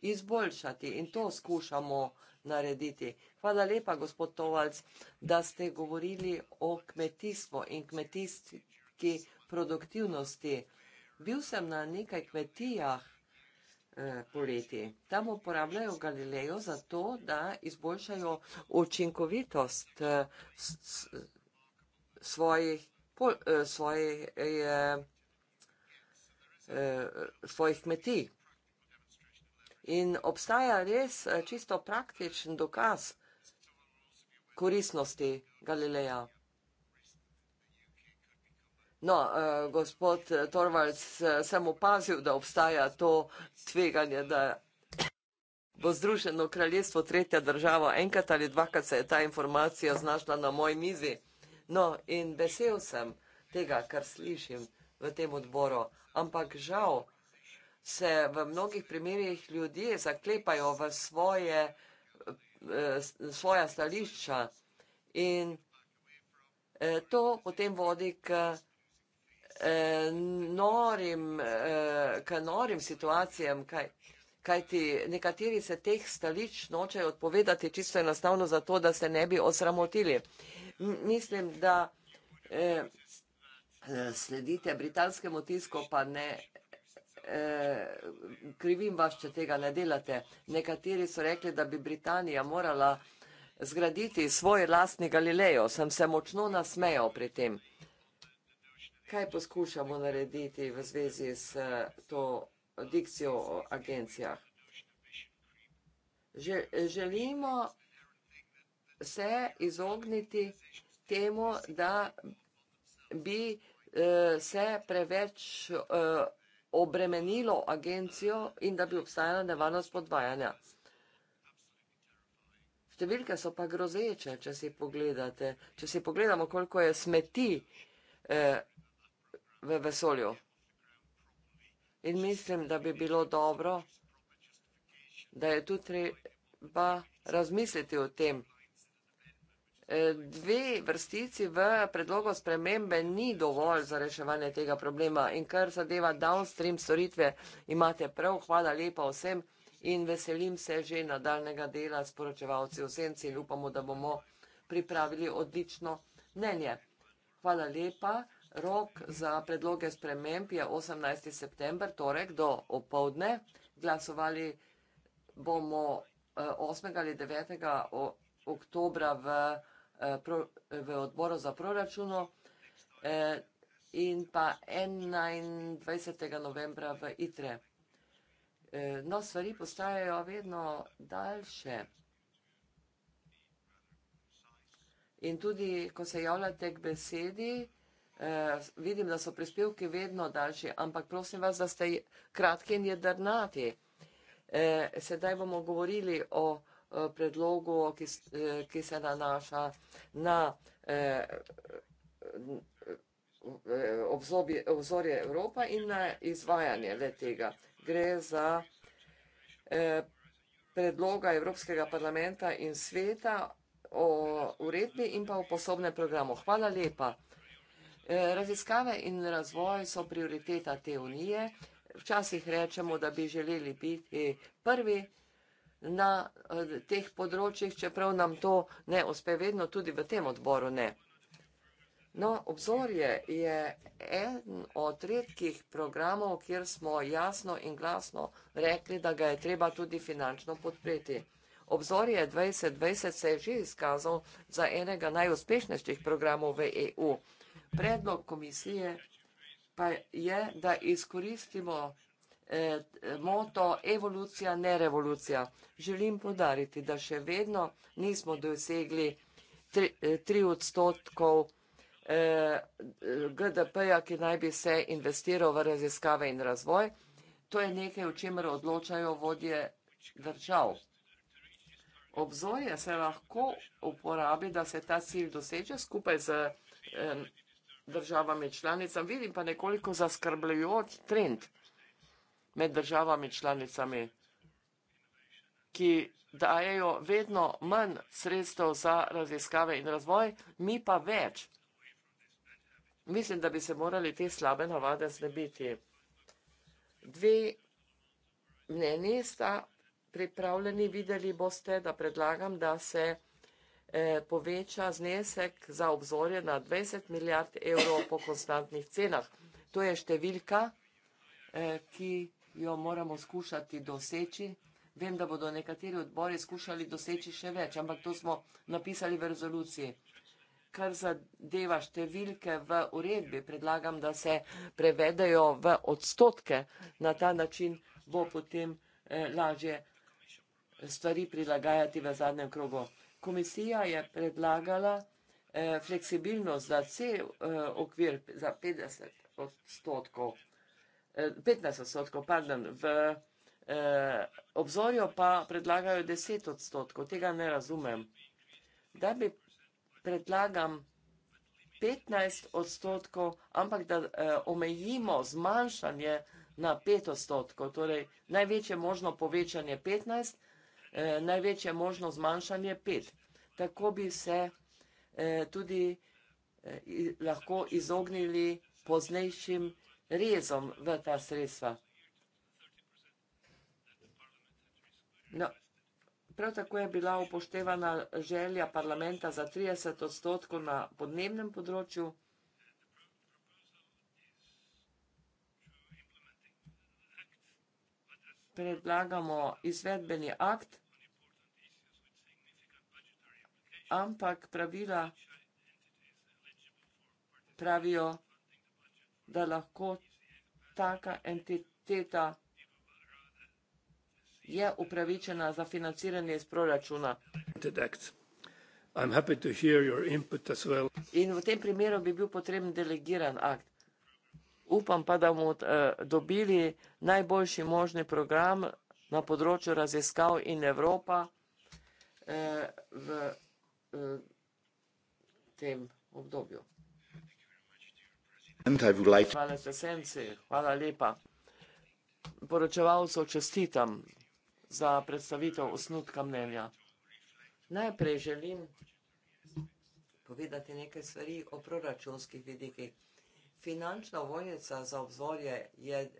Speaker 2: izboljšati in to skušamo narediti. Hvala lepa, gospod Tovalc, da ste govorili o kmetijstvu in kmetijski produktivnosti. Bil sem na nekaj kmetijah Eh, poleti. Tam uporabljajo Galilejo za to, da izboljšajo učinkovitost eh, svojih, eh, svojih, svojih kmetij. In obstaja res čisto praktičen dokaz koristnosti Galileja. No, uh, gospod Torvalds, uh, sem opazil, da obstaja to tveganje, da bo Združeno kraljestvo tretja država. Enkrat ali dvakrat se je ta informacija znašla na moji mizi. No, in vesel sem tega, kar slišim v tem odboru, ampak žal se v mnogih primerjih ljudje zaklepajo v svoje, eh, svoja stališča in to potem vodi k E, norim, e, k norim situacijam, kaj, kaj ti nekateri se teh stališč nočejo odpovedati, čisto enostavno zato, da se ne bi osramotili. M mislim, da eh, sledite britanskemu tisku, pa ne. Eh, krivim vas, če tega ne delate. Nekateri so rekli, da bi Britanija morala zgraditi svoj lastni Galilejo. Sem se močno nasmejal pri tem. Eh, kaj poskušamo narediti v zvezi s to dikcijo o agencijah. Že, želimo se izogniti temu, da bi uh, se preveč uh, obremenilo agencijo in da bi obstajala nevarnost podvajanja. Številke so pa grozeče, če si pogledate, če si pogledamo, koliko je smeti uh, v vesolju. In mislim, da bi bilo dobro, da je tu treba razmisliti o tem. E, dve vrstici v predlogu spremembe ni dovolj za reševanje tega problema. In kar zadeva downstream storitve, imate prav, hvala lepa vsem in veselim se že nadaljnega dela s poročevalci v senci in upamo, da bomo pripravili odlično mnenje. Hvala lepa. Rok za predloge sprememb je 18. september, torej do opovdne. Glasovali bomo 8. Eh, ali 9. oktobra v, eh, v odboru za proračuno eh, in pa 21. novembra v ITRE. No, stvari postajajo vedno daljše. In tudi, ko se javljate k besedi, Eh, vidim, da so prispevki vedno daljši, ampak prosim vas, da ste kratki in jedrnati. Eh, sedaj bomo govorili o eh, predlogu, ki, eh, ki se nanaša na eh, eh obzobje, obzorje Evropa in na izvajanje le tega. Gre za eh, predloga Evropskega parlamenta in sveta o uredbi in pa o posobnem programu. Hvala lepa. Raziskave in razvoj so prioriteta te unije. Včasih rečemo, da bi želeli biti prvi na eh, teh področjih, čeprav nam to ne uspe vedno, tudi v tem odboru ne. No, obzorje je en od redkih programov, kjer smo jasno in glasno rekli, da ga je treba tudi finančno podpreti. Obzorje 2020 se je že izkazal za enega najuspešnejših programov v EU. Predlog komisije pa je, da izkoristimo eh, moto evolucija, ne revolucija. Želim podariti, da še vedno nismo dosegli 3 eh, odstotkov eh, GDP-ja, ki naj bi se investiral v raziskave in razvoj. To je nekaj, o čemer odločajo vodje držav. Obzorje se lahko uporabi, da se ta cilj doseče skupaj z državami članicami. Vidim pa nekoliko zaskrbljujoč trend med državami članicami, ki dajejo vedno manj sredstev za raziskave in razvoj, mi pa več. Mislim, da bi se morali te slabe navade znebiti. Dve mnenje sta pripravljeni, videli boste, da predlagam, da se vsega, Eh, poveča znesek za obzorje na 20 milijard evrov po konstantnih cenah. To je številka, eh, ki jo moramo skušati doseči. Vem, da bodo nekateri odbori skušali doseči še več, ampak to smo napisali v rezoluciji. Kar zadeva številke v uredbi, predlagam, da se prevedejo v odstotke. Na ta način bo potem eh, lažje stvari prilagajati v zadnjem krogu. Komisija je predlagala eh, fleksibilnost za cel eh, okvir za 50 odstotkov, eh, 15 odstotkov, pardon, v eh, obzorju pa predlagajo 10 odstotkov. Tega ne razumem. Da bi predlagam 15 odstotkov, ampak da eh, omejimo zmanjšanje na 5 odstotkov, torej največje možno povečanje 15, Eh, največje možno zmanjšanje 5. Tako bi se eh, tudi eh, lahko izognili poznejšim rezom v ta sredstva. No, prav tako je bila upoštevana želja parlamenta za 30 odstotkov na podnebnem področju. predlagamo izvedbeni akt, ampak pravila pravijo, da lahko taka entiteta je upravičena za financiranje iz proračuna. In v tem primeru bi bil potreben delegiran akt upam pa, da bomo uh, dobili najboljši možni program na področju raziskav in Evropa uh, v uh, tem obdobju.
Speaker 1: Hvala,
Speaker 2: sesenci. Hvala lepa. Poročevalcev čestitam za predstavitev osnutka mnenja. Najprej želim povedati nekaj stvari o proračunskih vidikih finančna vojnica za obzorje je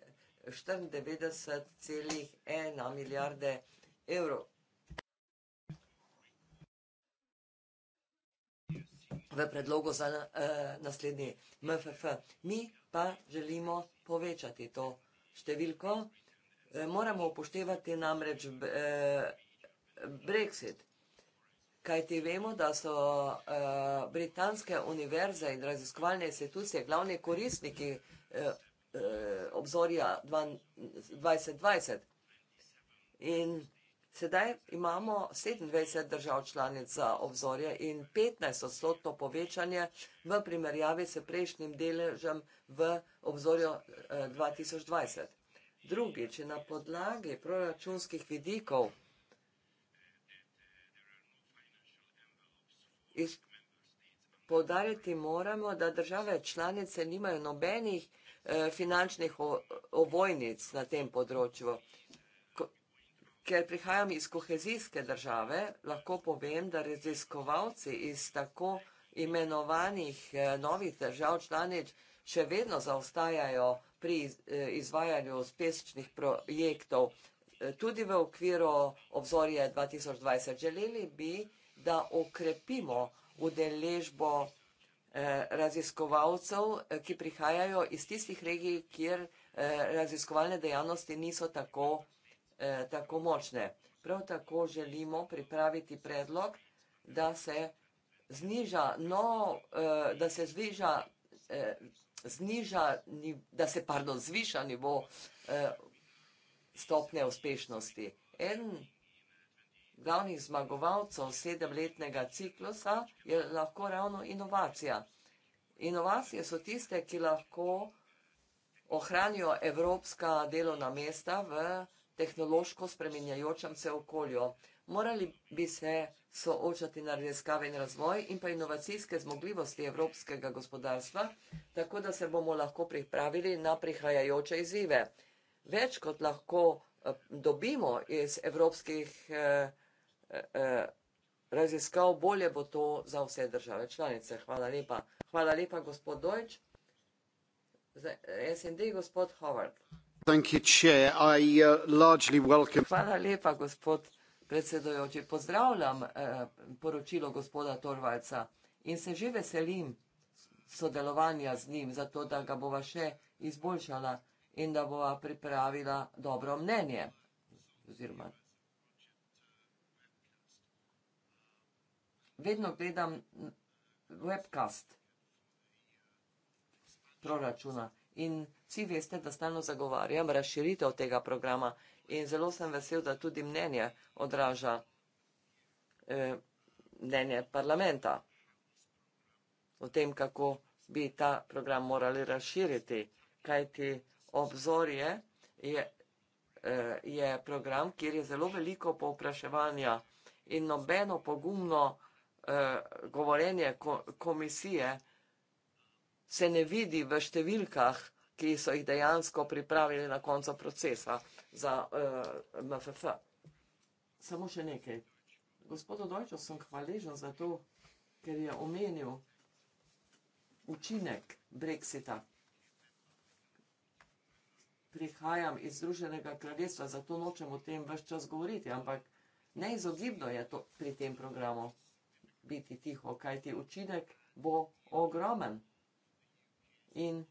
Speaker 2: 94,1 milijarde evrov. V predlogu za eh, naslednji MFF. Mi pa želimo povečati to številko. Eh, moramo upoštevati namreč eh, Brexit kajti vemo, da so uh, britanske univerze in raziskovalne institucije glavni koristniki uh, uh, obzorja 2020. In sedaj imamo 27 držav članic za obzorje in 15 odstotno povečanje v primerjavi s prejšnjim deležem v obzorju uh, 2020. Drugič, na podlagi proračunskih vidikov iz, podariti moramo, da države članice nimajo nobenih eh, finančnih o, ovojnic na tem področju. Ko, ker prihajam iz kohezijske države, lahko povem, da raziskovalci iz tako imenovanih eh, novih držav članic še vedno zaostajajo pri iz, eh, izvajanju spesičnih projektov. Eh, tudi v okviru obzorja 2020 želeli bi eh, da okrepimo udeležbo eh, raziskovalcev, eh, ki prihajajo iz tistih regij, kjer eh, raziskovalne dejavnosti niso tako, tako močne. Prav tako želimo pripraviti predlog, da se zniža, no, da se zviža, zniža, da se, pardon, zviša nivo stopne uspešnosti. En glavnih zmagovalcev sedemletnega ciklusa je lahko ravno inovacija. Inovacije so tiste, ki lahko ohranijo evropska delovna mesta v tehnološko spreminjajočem se okolju. Morali bi se soočati na raziskave in razvoj in pa inovacijske zmogljivosti evropskega gospodarstva, tako da se bomo lahko pripravili na prihajajoče izzive. Več kot lahko eh, dobimo iz evropskih eh, Eh, eh, raziskav, bolje bo to za vse države članice. Hvala lepa. Hvala lepa, gospod Deutsch. SND, gospod Howard.
Speaker 1: Thank you, chair. I uh, largely welcome. Hvala
Speaker 2: lepa, gospod predsedojoči. Pozdravljam uh, poročilo gospoda Torvalca in se že veselim sodelovanja z njim, zato da ga bova še izboljšala in da bova pripravila dobro mnenje. Oziroma, vedno gledam webcast proračuna in vsi veste, da stalno zagovarjam razširitev tega programa in zelo sem vesel, da tudi mnenje odraža eh, mnenje parlamenta o tem, kako bi ta program morali razširiti, kajti obzorje je, eh, je program, kjer je zelo veliko povpraševanja in nobeno pogumno Eh, govorjenje komisije se ne vidi v številkah, ki so jih dejansko pripravili na koncu procesa za eh, MFF. Samo še nekaj. Gospodo Dojčo, sem hvaležen za to, ker je omenil učinek Brexita. Prihajam iz Združenega kraljestva, zato nočem o tem več čas govoriti, ampak neizogibno je to pri tem programu biti tiho, kajti učinek bo ogromen. In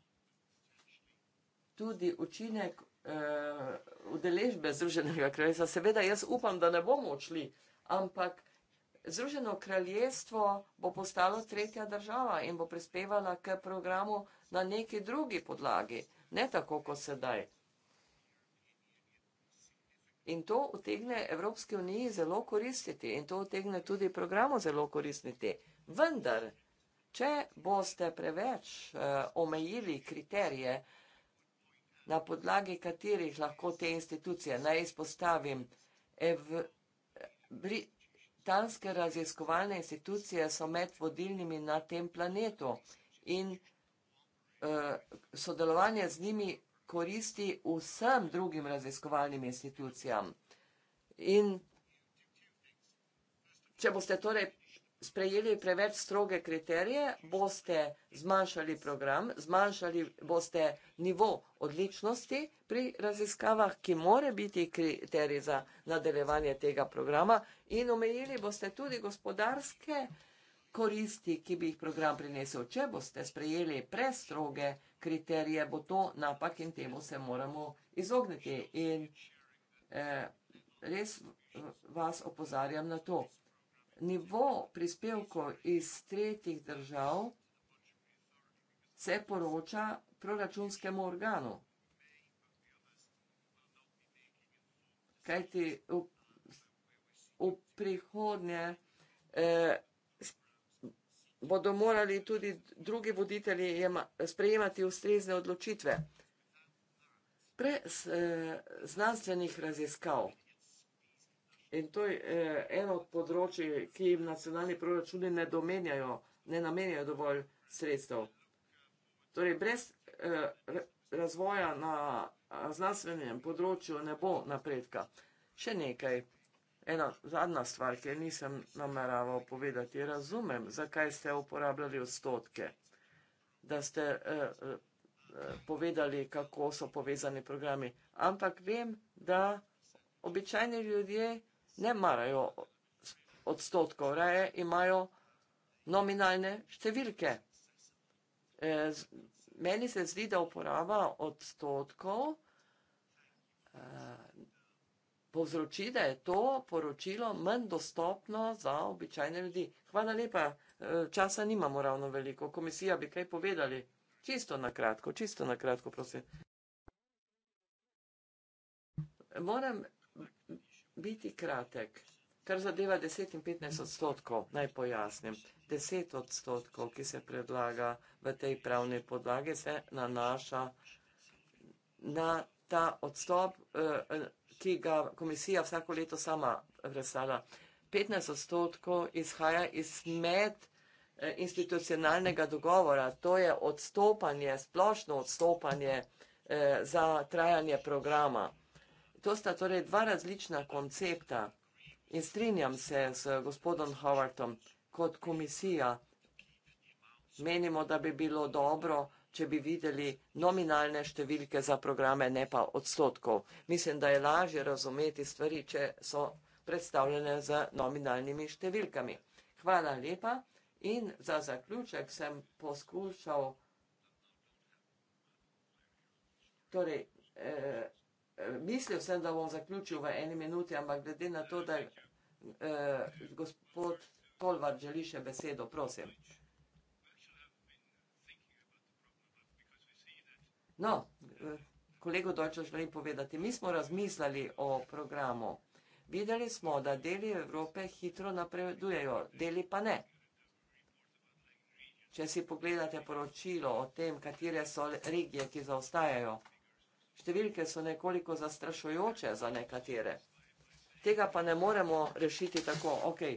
Speaker 2: tudi učinek eh, udeležbe Združenega kraljestva, seveda jaz upam, da ne bomo odšli, ampak Združeno kraljestvo bo postalo tretja država in bo prispevala k programu na neki drugi podlagi, ne tako kot sedaj. In to utegne Evropski uniji zelo koristiti in to utegne tudi programu zelo koristiti. Vendar, če boste preveč eh, omejili kriterije, na podlagi katerih lahko te institucije, naj izpostavim, ev, britanske raziskovalne institucije so med vodilnimi na tem planetu in eh, sodelovanje z njimi koristi vsem drugim raziskovalnim institucijam. In če boste torej sprejeli preveč stroge kriterije, boste zmanjšali program, zmanjšali boste nivo odličnosti pri raziskavah, ki more biti kriterij za nadaljevanje tega programa in omejili boste tudi gospodarske koristi, ki bi jih program prinesel. Če boste sprejeli prestroge kriterije, bo to napak in temu se moramo izogniti. In eh, res vas opozarjam na to. Nivo prispevkov iz tretjih držav se poroča proračunskemu organu. Kajti v, v prihodnje eh, bodo morali tudi drugi voditelji sprejemati ustrezne odločitve. Prez eh, znanstvenih raziskav in to je eh, eno od področji, ki jim nacionalni proračuni ne, domenjajo, ne namenjajo dovolj sredstev. Torej, brez eh, razvoja na znanstvenem področju ne bo napredka. Še nekaj. Ena zadnja stvar, ki nisem nameraval povedati, razumem, zakaj ste uporabljali odstotke, da ste eh, eh, eh, povedali, kako so povezani programi, ampak vem, da običajni ljudje ne marajo odstotkov, raje imajo nominalne številke. Eh, meni se zdi, da uporaba odstotkov. Eh, povzroči, da je to poročilo manj dostopno za običajne ljudi. Hvala lepa, e, časa nimamo ravno veliko, komisija bi kaj povedali. Čisto na kratko, čisto na kratko, prosim. Moram biti kratek. Kar zadeva 10 in 15 odstotkov, naj pojasnim, 10 odstotkov, ki se predlaga v tej pravni podlagi, se nanaša na ta odstop, eh, ki ga komisija vsako leto sama predstavlja. 15 odstotkov izhaja iz med eh, institucionalnega dogovora, to je odstopanje, splošno odstopanje eh, za trajanje programa. To sta torej dva različna koncepta in strinjam se z gospodom Howardom kot komisija. Menimo, da bi bilo dobro, da bi bilo dobro, če bi videli nominalne številke za programe, ne pa odstotkov. Mislim, da je lažje razumeti stvari, če so predstavljene z nominalnimi številkami. Hvala lepa in za zaključek sem poskušal. Torej, eh, mislil sem, da bom zaključil v eni minuti, ampak glede na to, da eh, gospod Tolvar želi še besedo, prosim. No, eh, kolego Dojčo želim povedati, mi smo razmislili o programu. Videli smo, da deli Evrope hitro napredujejo, deli pa ne. Če si pogledate poročilo o tem, katere so regije, ki zaostajajo, številke so nekoliko zastrašujoče za nekatere. Tega pa ne moremo rešiti tako, ok,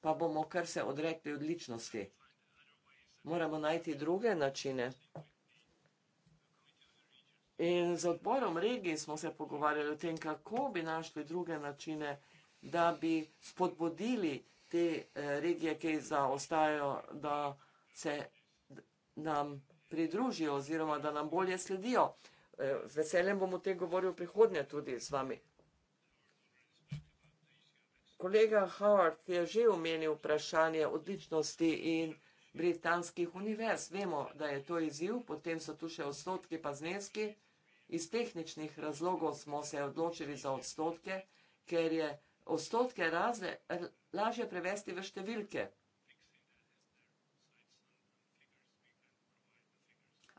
Speaker 2: pa bomo kar se odrekli odličnosti. Moramo najti druge načine. In z odborom regij smo se pogovarjali o tem, kako bi našli druge načine, da bi spodbudili te eh, regije, ki zaostajajo, da se nam pridružijo oziroma da nam bolje sledijo. Eh, z veseljem bom o tem govoril prihodnje tudi z vami. Kolega Howard je že omenil vprašanje odličnosti in britanskih univerz. Vemo, da je to izziv, potem so tu še odstotki pa zneski. Iz tehničnih razlogov smo se odločili za odstotke, ker je odstotke razle, lažje prevesti v številke.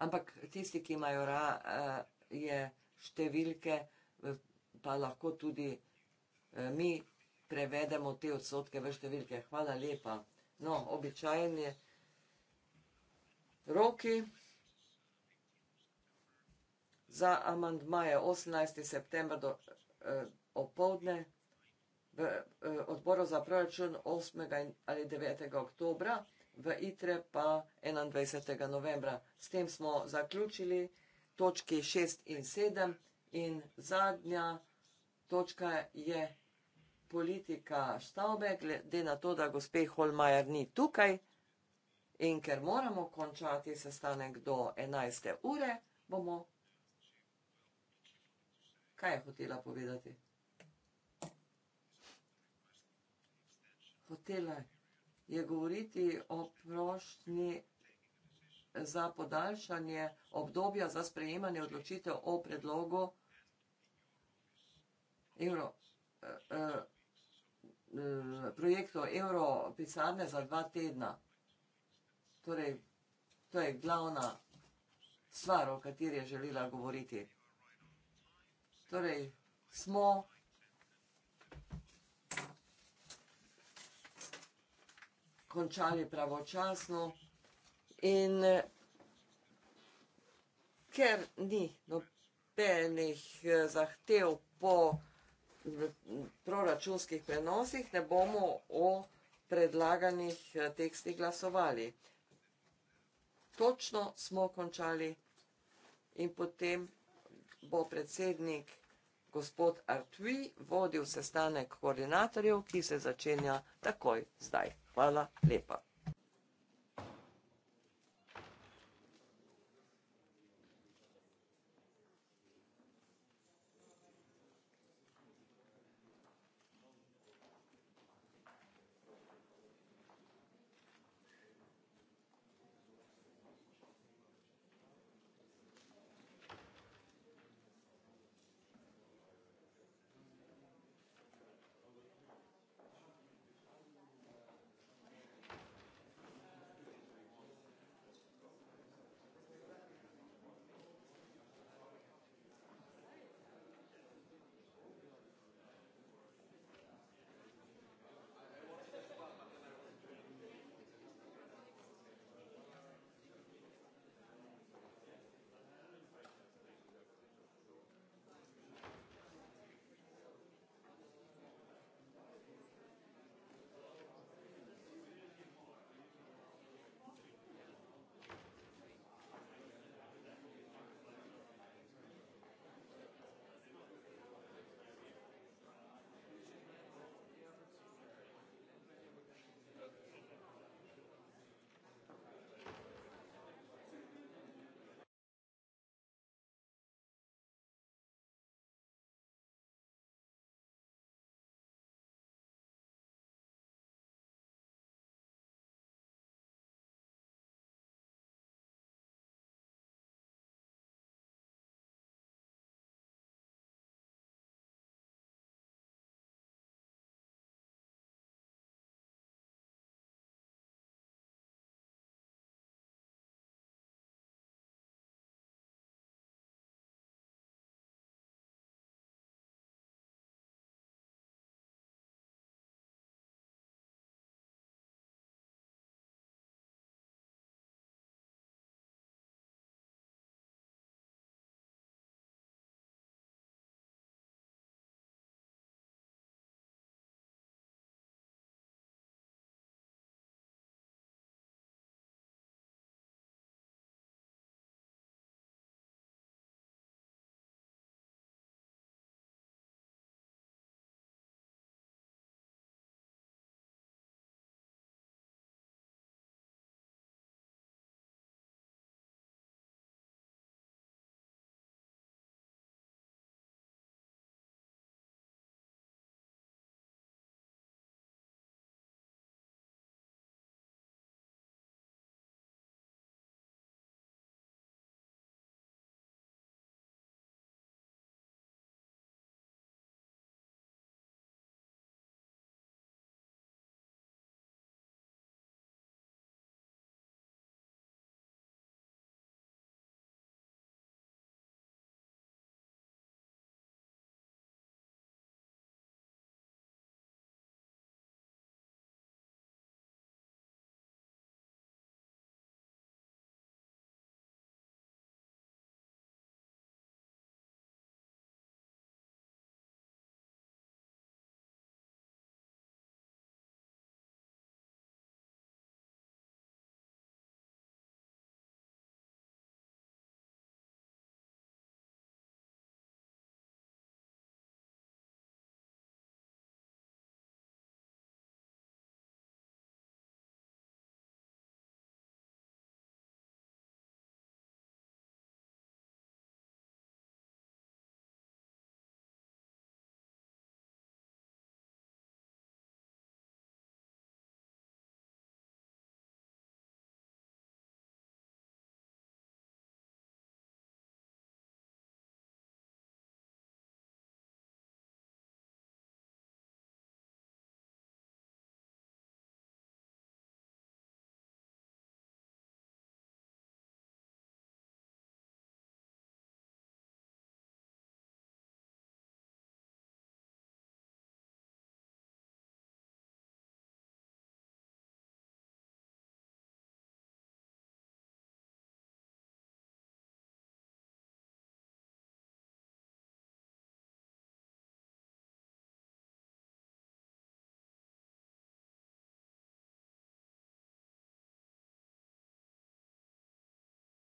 Speaker 2: Ampak tisti, ki imajo ra, eh, je številke, eh, pa lahko tudi eh, mi prevedemo te odstotke v številke. Hvala lepa. No, običajni roki za amandmaje 18. september do eh, opovdne v eh, odboru za proračun 8. ali 9. oktobra, v ITRE pa 21. novembra. S tem smo zaključili točki 6 in 7 in zadnja točka je politika stavbe, glede na to, da gospe Holmajer ni tukaj in ker moramo končati sestanek do 11. ure, bomo Kaj je hotela povedati? Hotela je govoriti o prošnji za podaljšanje obdobja za sprejemanje odločitev o predlogu evro, eh, eh, projektu Euro pisarne za dva tedna. Torej, to je glavna stvar, o kateri je želela govoriti. Torej, smo končali pravočasno in ker ni nobenih eh, zahtev po proračunskih prenosih, ne bomo o predlaganih eh, tekstih glasovali. Točno smo končali in potem bo predsednik gospod Artui vodil sestanek koordinatorjev, ki se začenja takoj zdaj. Hvala lepa.